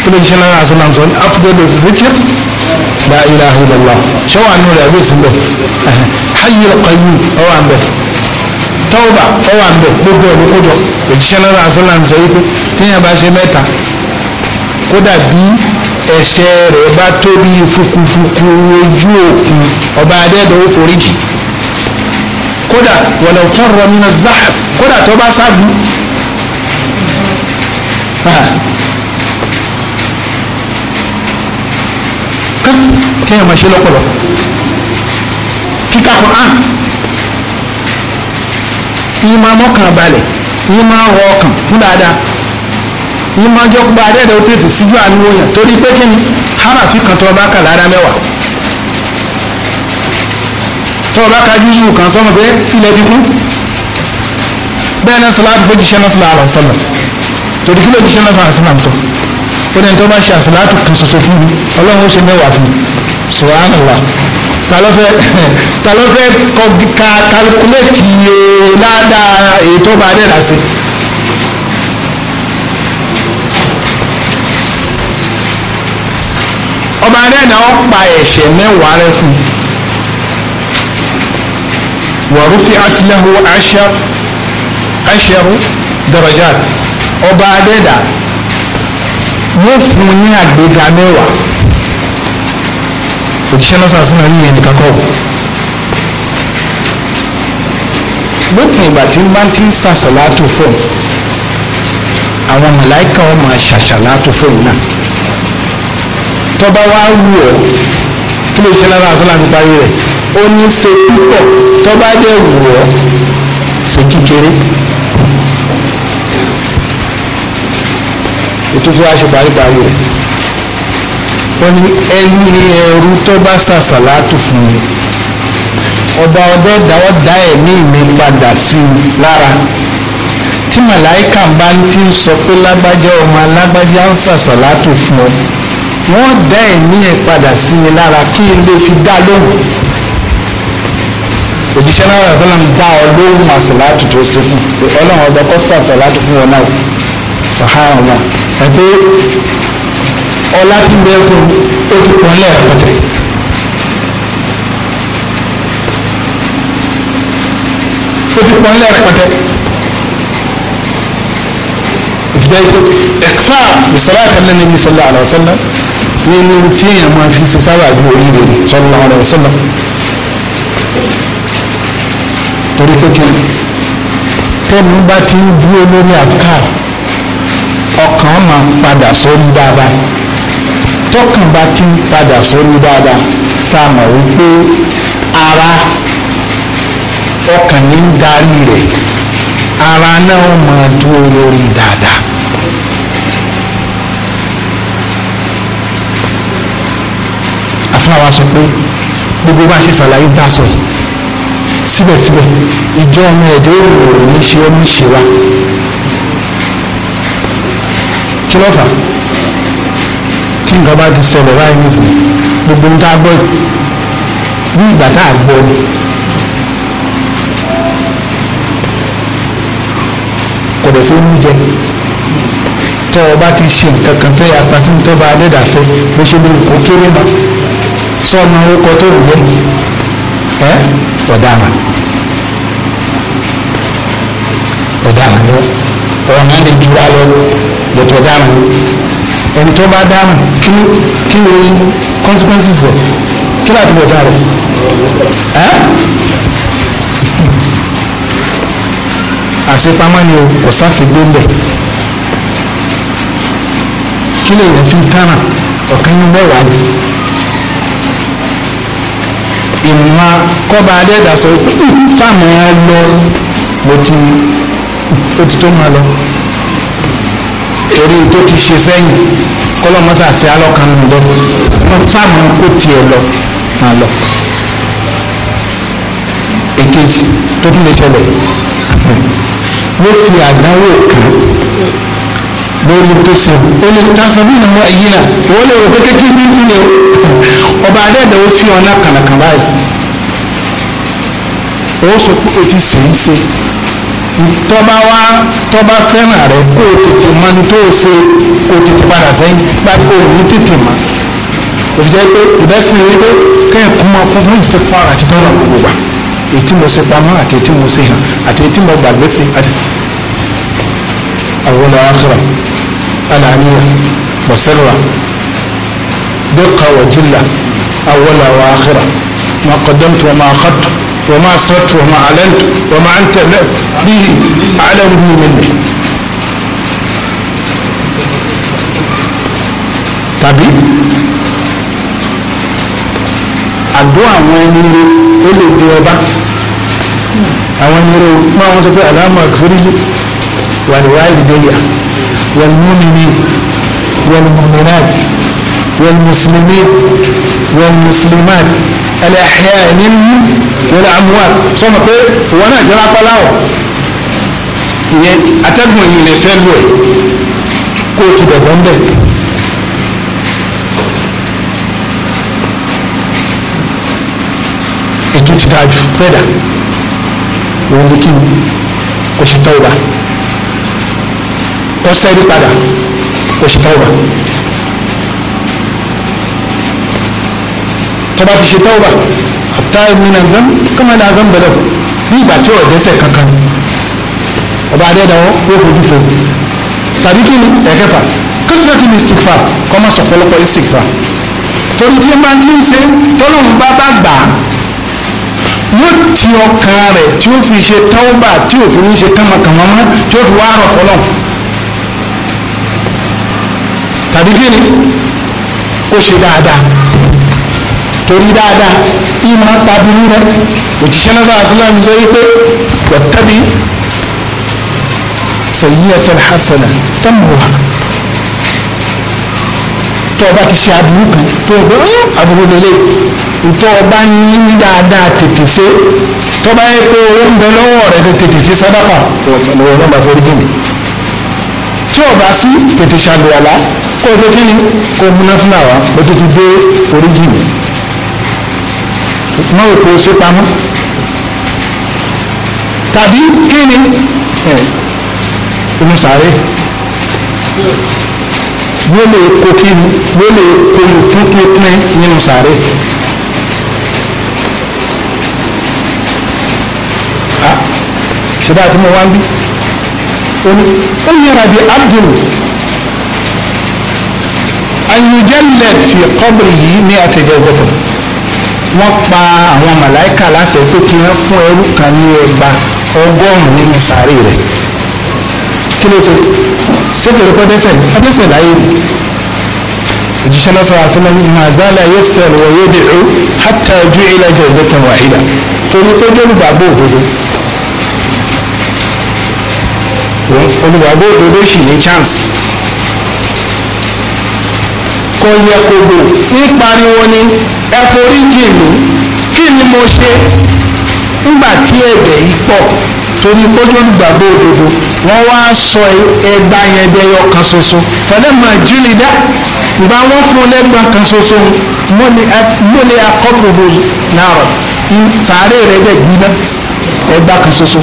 kí ló ń ṣe lára àṣọ náà sọ ní afdal zikir la ilaha illallah ṣé wàá nù rẹ̀ àbí ìsìnbẹ̀ hayy al-qayyum ọwọ́ àbẹ̀ tọ́wọ́bà ọwọ́ àbẹ̀ gbogbo ẹ̀ ló kó jọ òjíṣẹ́ lára àṣọ náà sọ yìí pé tíyẹn bá ṣe mẹ́ta kódà bíi ẹ̀ṣẹ̀ rẹ̀ bá tóbi fukufuku ojú òkun ọba adẹ́dọ̀ ó foríjì kódà wọ̀lọ̀ fọ́nrọ̀ nínú zahab kódà tó bá ságun kéèyàn máa ṣe lọ́pọ̀lọ́ kíkà Quran ìmọ̀ ọkàn balẹ̀ ìmọ̀ ọkàn fún dáadáa ìmọ̀jọ́ gba adẹ́dẹ́ ó tètè síjú àánú yàn torí pé kí ni harafi kan tó bá kà lára mẹ́wàá tó bá ka jújù kan sọ́mọ pé ilẹ̀ ti kú bẹ́ẹ̀ náà sọláàtì fún jíṣẹ́ náà sọláàtì sọlọ torí kí ló jíṣẹ́ náà sọláàtì sọlọ sọ ó dẹni tó bá ṣe àsọláàtì kan ṣoṣo fún mi ọlọ́run ó ṣe mẹ́wàá fún mi subhanallah ta ló fẹ́ ta ló fẹ́ kọ ká kalkuléètì yé ládàá èyí tó máa rẹ́nà ó pa ẹ̀ṣẹ̀ mẹ́wàá rẹ fún wàrúfi atilahu ashar asharu darajat ọba adẹ́dà wọ́n fún ní àgbéga mẹ́wàá òjíṣẹ́ lọ́sàn sínú ayé yẹn nìkan kọ́ lópin ìgbà tí bá ti ń sàṣàlátò fóun àwọn màláìka wọn máa ṣàṣàlátò fóun náà tọ́ba wá wù ọ́ kí ló ṣe lára àṣọlá fi parí rẹ̀ ó ní ṣe púpọ̀ tọ́ba dẹ̀ wù ọ́ ṣe kékeré. ètò fi wá ṣe paríparí rẹ̀ wọ́n ní ẹni ẹrú tọ́ba ṣàṣàlátù fún mi ọba ọdẹ dáwọ́ dá ẹ̀mí mi padà sí i lára tí màláìkà bá ti ń sọ pé lágbájá ọmọ alágbájá ń ṣàṣàlátù fún ọ wọ́n dá ẹ̀mí ẹ̀ padà sí mi lára kí n lè fi dá lóhùn òjíṣẹ́ náírà sọ́nà ń dá ọ lóhùn àṣàlátù tó ṣe fún ọlọ́run ọba kọ́sà àṣàlátù fún wọn náà sọ̀hárà wọn ẹ̀pẹ́ ọlá tí ń bẹ fún ó ti pọ̀ ńlẹ̀ ó ti pọ̀ ńlẹ̀ rẹpẹtẹ. ìfìdá ẹ̀kọ́ ẹ̀kọ́ bisalaakalẹ́ ní bisalaakalẹ́ ọ̀sán náà nínú tí èèyàn máa fi ṣe sábà bí oríire sallallahu alaihi wasallam torí pé kí tẹ́nu bá ti ń dúró lórí àbúkà ọkàn máa ń padà sórí dáadáa tọkàn bá ti ń padà sórí dáadáa sáàmọ̀ wípé ara ọkàn ní ń darí rẹ̀ ara náà máa dúró lórí dáadáa. àfáwa sọ pé gbogbo bá ṣe ṣàlàyé dá sọ yìí síbẹ̀síbẹ̀ ìjọ ọmọ ẹ̀dẹ́ ìròyìn ní ṣe ó ní ṣe wa kí ló fà tí nǹkan bá ti ṣẹlẹ̀ báyìí nìsín gbogbo ń a gbọ́ bí ìgbà tá a gbọ́ ni kò dẹ̀ sí oúnjẹ tọ́ ọ bá ti ṣe nǹkan kan tó yà pa sí ní tó bá adẹ́dàfẹ́ bó ṣe lè kó kéré náà sọ ọmọ orúkọ tó ń jẹ́ ẹ́ ọ̀daràn ọ̀daràn lọ ọ̀nà lè ju wa lọ bọ̀tọ̀ ọ̀daràn ẹni tó bá dáhùn kí kí ni consequences rẹ̀ kí láti bọ̀ dára ẹ́ àṣepamọ́ ni o kò sáṣegbó ń bẹ̀ kí lè yẹn fi tánà ọ̀kan ní mẹ́wàá ni ìmọ̀ kọ́ba adẹ́dàsọ fáàmù ẹ lọ mo ti ó ti tó máa lọ torí tó ti ṣe sẹ́yìn kọ́lọ́mọ́sá sí alọ́kanu lọ fáàmù ó tiẹ̀ lọ máa lọ èkejì tó tún lè ṣẹlẹ̀ ló fi àdánwò kan lórí tó ṣe o lè tasabu na wa èyí la wọ́n lè wò kékeré bí kú ni o ọba adẹ́dẹ́ ó fi ọ̀nà kànàkàn báyìí ó sọ pé o ti sèé se tọ́ba wá tọ́ba fẹ́ràn rẹ kó o tètè mọ ní tó o ṣe kó o tètè padà sẹ́yìn gbàgbé o ní tètè mọ o jẹ́ pé ìbẹ́sìn rí pé kẹ́ẹ̀kú máa kún fún ìsìnkú àti tọ́lọ̀ gbogbo wa ètí mo ṣe pamọ́ àti ètí mo ṣe hàn àti ètí mo gbàgbé sí àti àwọn àkàrà alàníyà bọ̀sẹ̀rà dẹ́ka wàjúlà àwọn àwọn àkàrà ma kọ̀dọ̀mtu wa ma kọ̀tù wa ma sọ̀tù wa ma alẹ́ntù wa ma ń tẹ̀lé bí alẹ́rù bí mi nì. tàbí àdó àwọn ẹni rẹ ó di ọba àwọn ẹni rẹ ó máa wọn sọ pé àlámà ولوالدي والمؤمنين والمؤمنات والمسلمين والمسلمات الأحياء منهم والأموات ثم قال وانا جرى قلاو أتقمع من الفلوة قلت ببندك ètò ti dáa jù fẹ́dà òun ni kó sẹ́rí padà kó ṣe tọ́wà tó bá ti ṣe tọ́wà àtàwọn mìíràn gbọ́n kó máa dàgbọ́n bẹ̀rẹ̀ bí ìgbà tí ò dẹ́sẹ̀ kankan ọba adẹ́dàwọ́ ó fojú fo tàbí kí ni ẹ̀kẹfà kókò kí ni istikfa kọ́ máa sọ pọ̀lọpọ̀ istikfa torí tí máa ń ṣe tọ́lọ́hún bá bá gbà á yóò ti ọkàn rẹ̀ tí ó fi ṣe tọ́wọ́bà tí ò fi ní ṣe kánmọ̀kànmọ́ tí ó fi wá rọ̀ fọlọ́hún àbí kí ni kó ṣe dáadáa torí dáadáa ìmọ̀ pàbílú rẹ òjíṣẹ́ náà sàlám sọ wípé wọ́tẹ́bí sayyi'atal hasana tamhuha tó o bá ti ṣe aburú kan tó o bá aburú lélẹ̀ tó o bá ní ní dáadáa tètè ṣe tó bá yẹ pé owó ń bẹ lọ́wọ́ rẹ tó tètè ṣe sábàpà tó o bá forí jìnnì tí o bá sí tètè ṣàlùwàlá kó o ṣe kí ni kó o múná fúnra wa o ti ti dé oríjìnì mọ òkú ṣe pamọ́ tàbí kí ni ẹ inú sàárè wọ́n lè kó kí ni wọ́n lè kó lù fún pínpín nínú sàárè. Ah, ṣe bá a ti mọ wá ń bí ó ní ó yẹra di abdul ayùjẹ́lẹ̀ fi kọ́bìrì yìí ní àtẹ̀jẹ̀gbọ̀tọ̀ wọ́n pa àwọn màláìkà láṣẹ pé kí wọ́n fún ẹrú kan ní ẹgbàá ọgọ́rùn-ún nínú sàárè rẹ̀ kí ló ṣe ṣé kò rẹpẹ́ dẹ́sẹ̀ ní ẹdẹ́sẹ̀ láyé ni òjíṣẹ́ lọ́sọ̀ àṣẹmọ́ ní mazala yẹsẹ̀ wọ̀nyé dèrò hátà ojú ìlàjọ ìgbẹ́tàn wàhídà torí pé olùgbàgbọ́ òdodo olùgbàgbọ́ òdodo sì ní chance kò yẹ kò bò ìpariwo ni ẹ foríjì mi kí ni mo ṣe nígbà tí ẹ̀bẹ̀ yìí pọ̀ torí kójú olùgbàgbọ́ òdodo wọ́n wá sọ ẹgbà yẹn dẹyọ kan ṣoṣo fẹlẹ́mọ̀ júlidá gba wọ́n fún lẹ́gbà kan ṣoṣo mọ́lẹ̀ akọ́kùnrin náírà sàárè rẹ̀ dẹ̀ gbiná ẹgbà kan ṣoṣo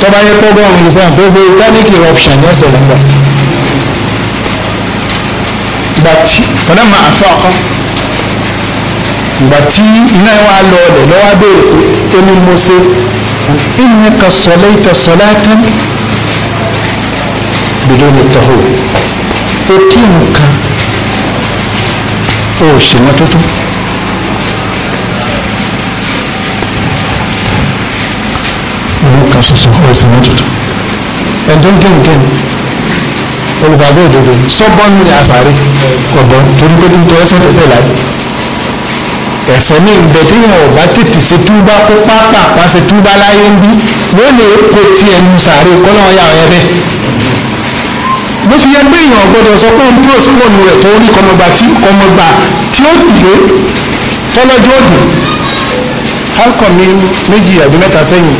tọ́ba yẹ kọ́gọ́rùn-ún nìkan tó fi volcanic eruption ní ọ̀sẹ̀ lẹ́gbàá but fọlẹ́mà àfọ́kọ́ ìgbà tí iná wa lọ ọ̀lẹ̀ lọ́wọ́ béèrè pé èmi mo ṣe ìní ka sọlẹ́ ìtọ̀ sọlẹ́ tán bìdó ni tọ́hó o kí nǹkan o ṣe mọ́ tuntun. nǹkan ṣoṣo o ṣe mọ́ tuntun ẹ̀dọ́gẹ́gẹ́ ni olùgbàgbọ́ òdodo sọ́gbọ́n ní àsàrí kọ̀gbọ́n torí pé tó ẹsẹ̀ tó fẹ́ láyé ẹ̀sẹ̀ mi ń bẹ téèyàn ò bá tètè ṣe túbá kó pápá ṣe túbá láyé ń bí wọ́n lè po tiẹ̀ nu sàárè kọ́nà ọ̀yà ọ̀yà bẹ́ẹ̀ mo fi yẹ pé èèyàn gbọ́dọ̀ sọ pé ń postpone rẹ̀ tó rí kọmọgbà tí kọmọgbà tí ó dìde tọ́lọ́jọ́ òdì halcom ní méjì àbí mẹ́ta sẹ́yìn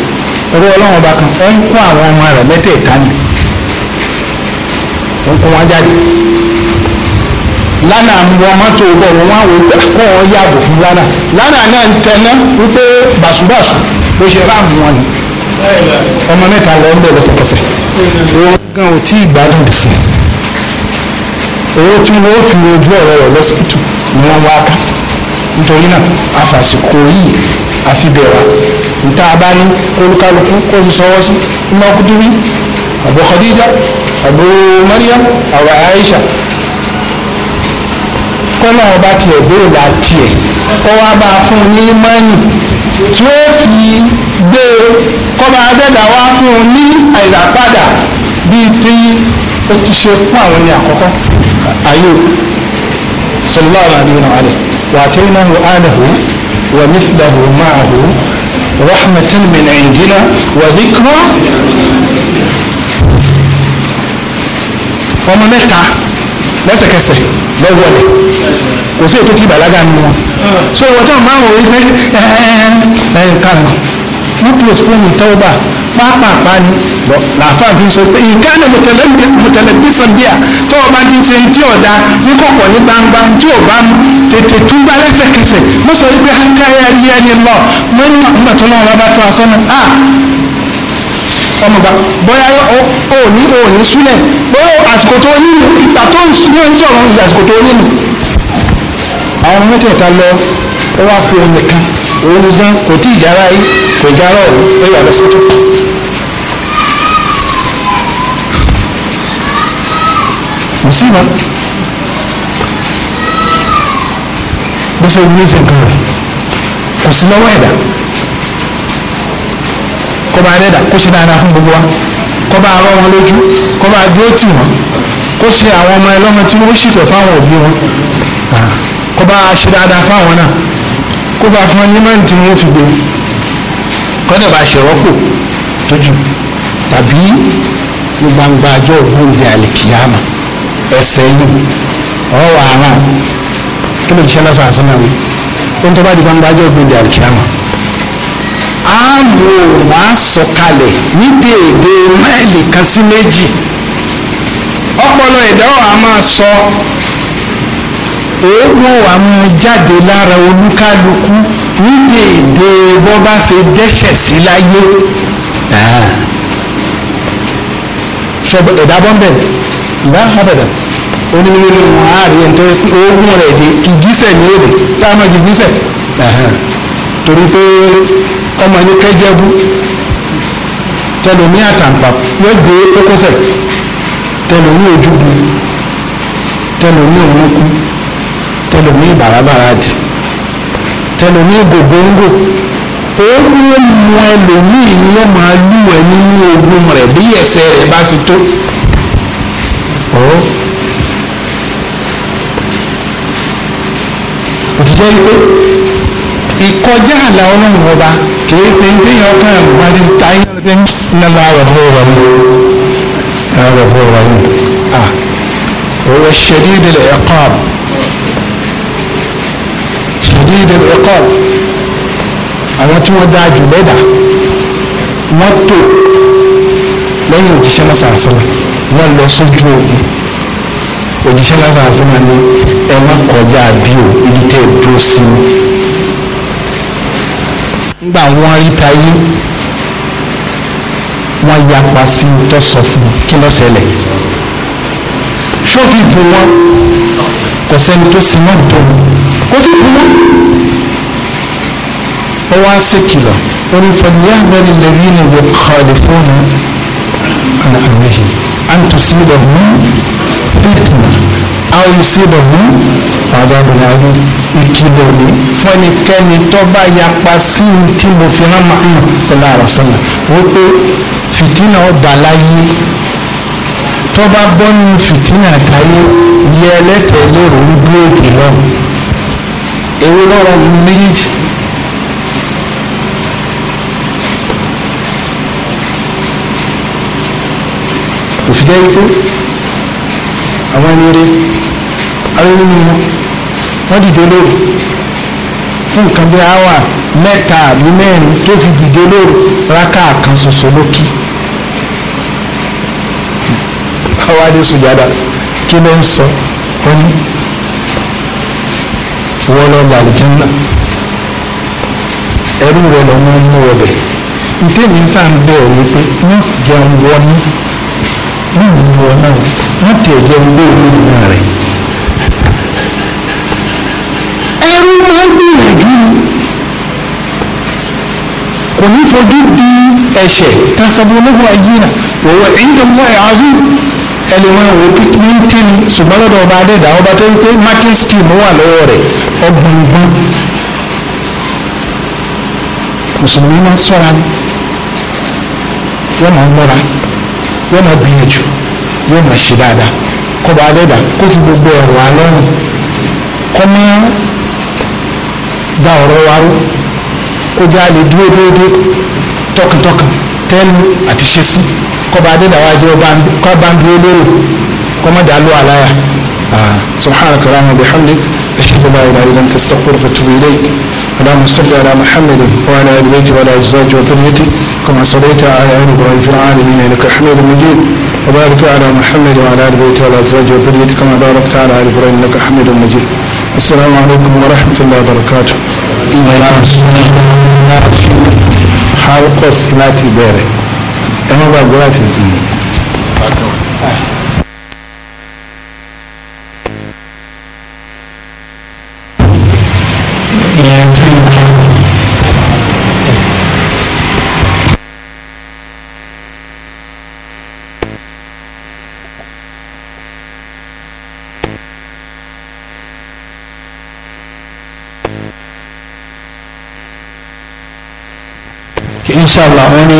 ẹ̀rọ ọlọ́run ọba kan ó ń kó àwọn ọmọ rẹ̀ mẹ́tẹ̀ẹ̀ta ni ń kó wọn jáde lánàá ń wọ mọ́tò bọ̀ wọ́n wá wò ó kó wọn yàgò fún lánàá lánàá náà ń tẹná wípé bàṣubàṣu ó ṣe ráàmù wọn ni ọmọ mẹ́ta lọ ń bẹ̀ lẹ́sẹ̀kẹsẹ̀ owó gan ò tí ì gbádùn dì sí owó tí wọ́n fi ojú ọ̀rọ̀ rẹ̀ lọ́sibítù ni wọ́n wá ká nítorí náà àfàsìkò yìí àfibẹ̀wà níta bá ní kólúkálukú kó fi Abu Maryam ọ̀rọ̀ Aisha kọ́nà ọba tiẹ̀ gbòòrò la tiẹ̀ kọ́ wa bá a fún un ní mọ́nì tí ó fi gbé e kọ́ bá a dẹ́gbà wá fún un ní àìràpadà bíi tí ó ti ṣe fún àwọn ẹni àkọ́kọ́ ayò sallallahu alayhi wa alayhi wa ataynahu alahu wa mithlahu ma'ahu rahmatan min indina wa dhikra ọmọ mẹ́ta lẹ́sẹ̀kẹsẹ̀ lọ́wọ́lẹ̀ kò sí ètò tí ìbàlágà nínú wọn so ìwọ tó ń bá wọn wípé ẹ ẹ ẹ kàrọ wọn postpone tọ́wọ́bà pápápá ni làáfàá fi sọ pé nǹkan ní mọ̀tẹ́lẹ̀ bísàn bíà tọ́wọ́bà ti ṣe tí ọ̀dà ní kọ̀kọ̀ ní gbangba tí ò bá tètè túbà lẹ́sẹ̀kẹsẹ̀ mo sọ wípé akáyà yẹn ni lọ mọ́ nígbà tó lọ́wọ́ bá tó aṣọ náà ah! ọmọ gba bóyá o ní o ní súnlẹ̀ bóyá àsìkò tó ní ìta tó ní sọ̀rọ̀ ní àsìkò tó ní nù. àwọn mẹ́tẹ̀ẹ̀ta lọ ó wá kó omi kan òun gan kò tí ì jára yìí kò jára òun ó yà lọ sọ́tọ̀. kò sí wa bó ṣe wúlé ṣe nǹkan rẹ̀ kò sí lọ́wọ́ ẹ̀dá kọba adẹ́dà kó ṣe dáadáa fún gbogbo wa kọba arọ wọn lójú kọba adúró tì wọn kó ṣe àwọn ọmọ ẹlọ́mọ tí wọ́n ṣìpẹ̀ fáwọn òbí wọn kọba ṣe dáadáa fáwọn náà kọba fún ẹnìmọ́ni tí wọ́n fi gbé kọ́dẹ̀ bá ṣe rọ́pò tójú tàbí ní gbangba àjọ ògbóǹde àlìkìyàmà ẹsẹ̀ yìí ọ̀wọ̀ àrùn kí ló ń ṣe lọ́sọ̀ àṣọ náà wí ó ń tọ́ bá di gbangba àjọ ògbóǹde àlìkìyàmà àmú òòrùn á sọ̀kalẹ̀ ní déédé máìlì kan sí méjì ọpọlọ ìdáwọ̀ a máa sọ èèwọ̀ a máa jáde lára olúkálukú ní déédé bó bá ṣe dẹ́ṣẹ̀ sí láyé ah. ṣọba ẹ̀dá bọ́m̀bẹ̀ bá abẹ̀dà onímọ̀ ní wọn á rí ẹni rẹ̀ dé kìgísẹ̀ ní èdè táwọn kìgísẹ̀ torí pé ọmọ ní kẹjẹbú tẹlomi àtàǹpà yóò gbé kókósẹ̀ tẹlomi ojúbu tẹlomi òmùkú tẹlomi bàràbàràdì tẹlomi gògóńgò ogun mu ẹlòmíì ni wọn máa lù ẹ nínú ogun rẹ bí ẹsẹ̀ rẹ bá ti tó. òtítọ́ yìí pé ìkọjá àlà ọlọ́run ọba kìí ṣe ń téèyàn kàn wáyé táyé ọ̀dẹ́ nílá ọ̀rọ̀ fún ọ̀rọ̀ yìí ọ̀rọ̀ fún ọ̀rọ̀ yìí à ọ̀rọ̀ shadidul iqab shadidul iqab àwọn tí wọ́n dáa jù lẹ́dà wọ́n tò lẹ́yìn òjíṣẹ́ náà sàásìlẹ̀ wọ́n lọ sójú ogun òjíṣẹ́ náà sàásìlẹ̀ ni ẹ má kọjá bí o ibi tẹ́ ẹ dúró sí i nígbà wọ́n rí tayé wọ́n yapa sí i tó sọ fún un kí ló ṣẹlẹ̀ sófin bu wọn kò sẹ́ni tó sì mọ́ ìtò mi kò sí bu wọn ó wá sí kìlọ̀ ó ní fọdíyà mẹ́rin lẹ́rí ni yóò kọ́lé fóònù àmì àǹtò sí ìdọ̀mú fìtìnà àwọn ìsìdọ̀mú àdàbọ̀nà àdúgbò ìkìlọ̀ ní fẹ́nikẹ́ni tó bá yapa sí i tí mo fi rán Muhammad sallallahu alaihi wasallam wípé fìtínà ọba láyé tó bá bọ́nu fìtínà àtàyé yẹ ẹlẹ́tẹ̀ẹ́ lérò ń dúró òkè lọ́rùn èwe lọ́rọ̀ méjèèjì. òfìdá yìí pé àwọn ẹni rẹ arẹ́rẹ́ nínú wọn wọ́n dìde lóru fún nǹkan bí àwà mẹ́ta àbí mẹ́rin tó fi dìde lóru rákà kan ṣoṣo lókì àwa dé sùjádà kí ló ń sọ ó ní wọ́n lọ lọ àlùjànnà ẹrú rẹ lọ mọ mú ọbẹ ntẹ́mi sáà ń bẹ̀ ọ́ pé wọ́n jẹun wọ́n ní wọ́n mú ọ náà wọ́n tẹ̀ jẹun lóru náà rẹ̀. máa ń gbìyànjú kò ní fojú di ẹ̀ṣẹ̀ tasabunahu ayyina wa huwa inda Allahi azim ẹlẹ́wọ̀n wo pínpín tí ni ṣùgbọ́n lọ́dọ̀ ọba adẹ́dà ọba tó yí pé marking scheme wà lọ́wọ́ rẹ̀ ọgbọ̀ngbọ̀n mùsùlùmí máa ń ni wọ́n máa ń lọ́ra máa gbìyànjú yóò máa ṣe dáadáa kọ́ba adẹ́dà kó fi gbogbo ẹ̀rọ alọ́run kọ́ máa da ọ̀rọ̀ wa rú kó já lè dúró déédéé tọkàntọkàn tẹ́lu àti ṣesí kọba adédáwà jẹ́ kọba ń dúró lérò kọmọdé alú àláyà ah, subhanaka wa bihamdik ashhadu an la ilaha illa anta astaghfiruka wa atubu ilayk اللهم صل على محمد وعلى ال بيته وعلى ازواجه وذريته كما صليت على ال ابراهيم في العالمين انك حميد مجيد وبارك على محمد وعلى ال بيته وعلى ازواجه وذريته كما باركت على ال ابراهيم انك حميد مجيد السلام عليكم ورحمة الله وبركاته حلقة سلاتي بيري أنا بقول لك அவனே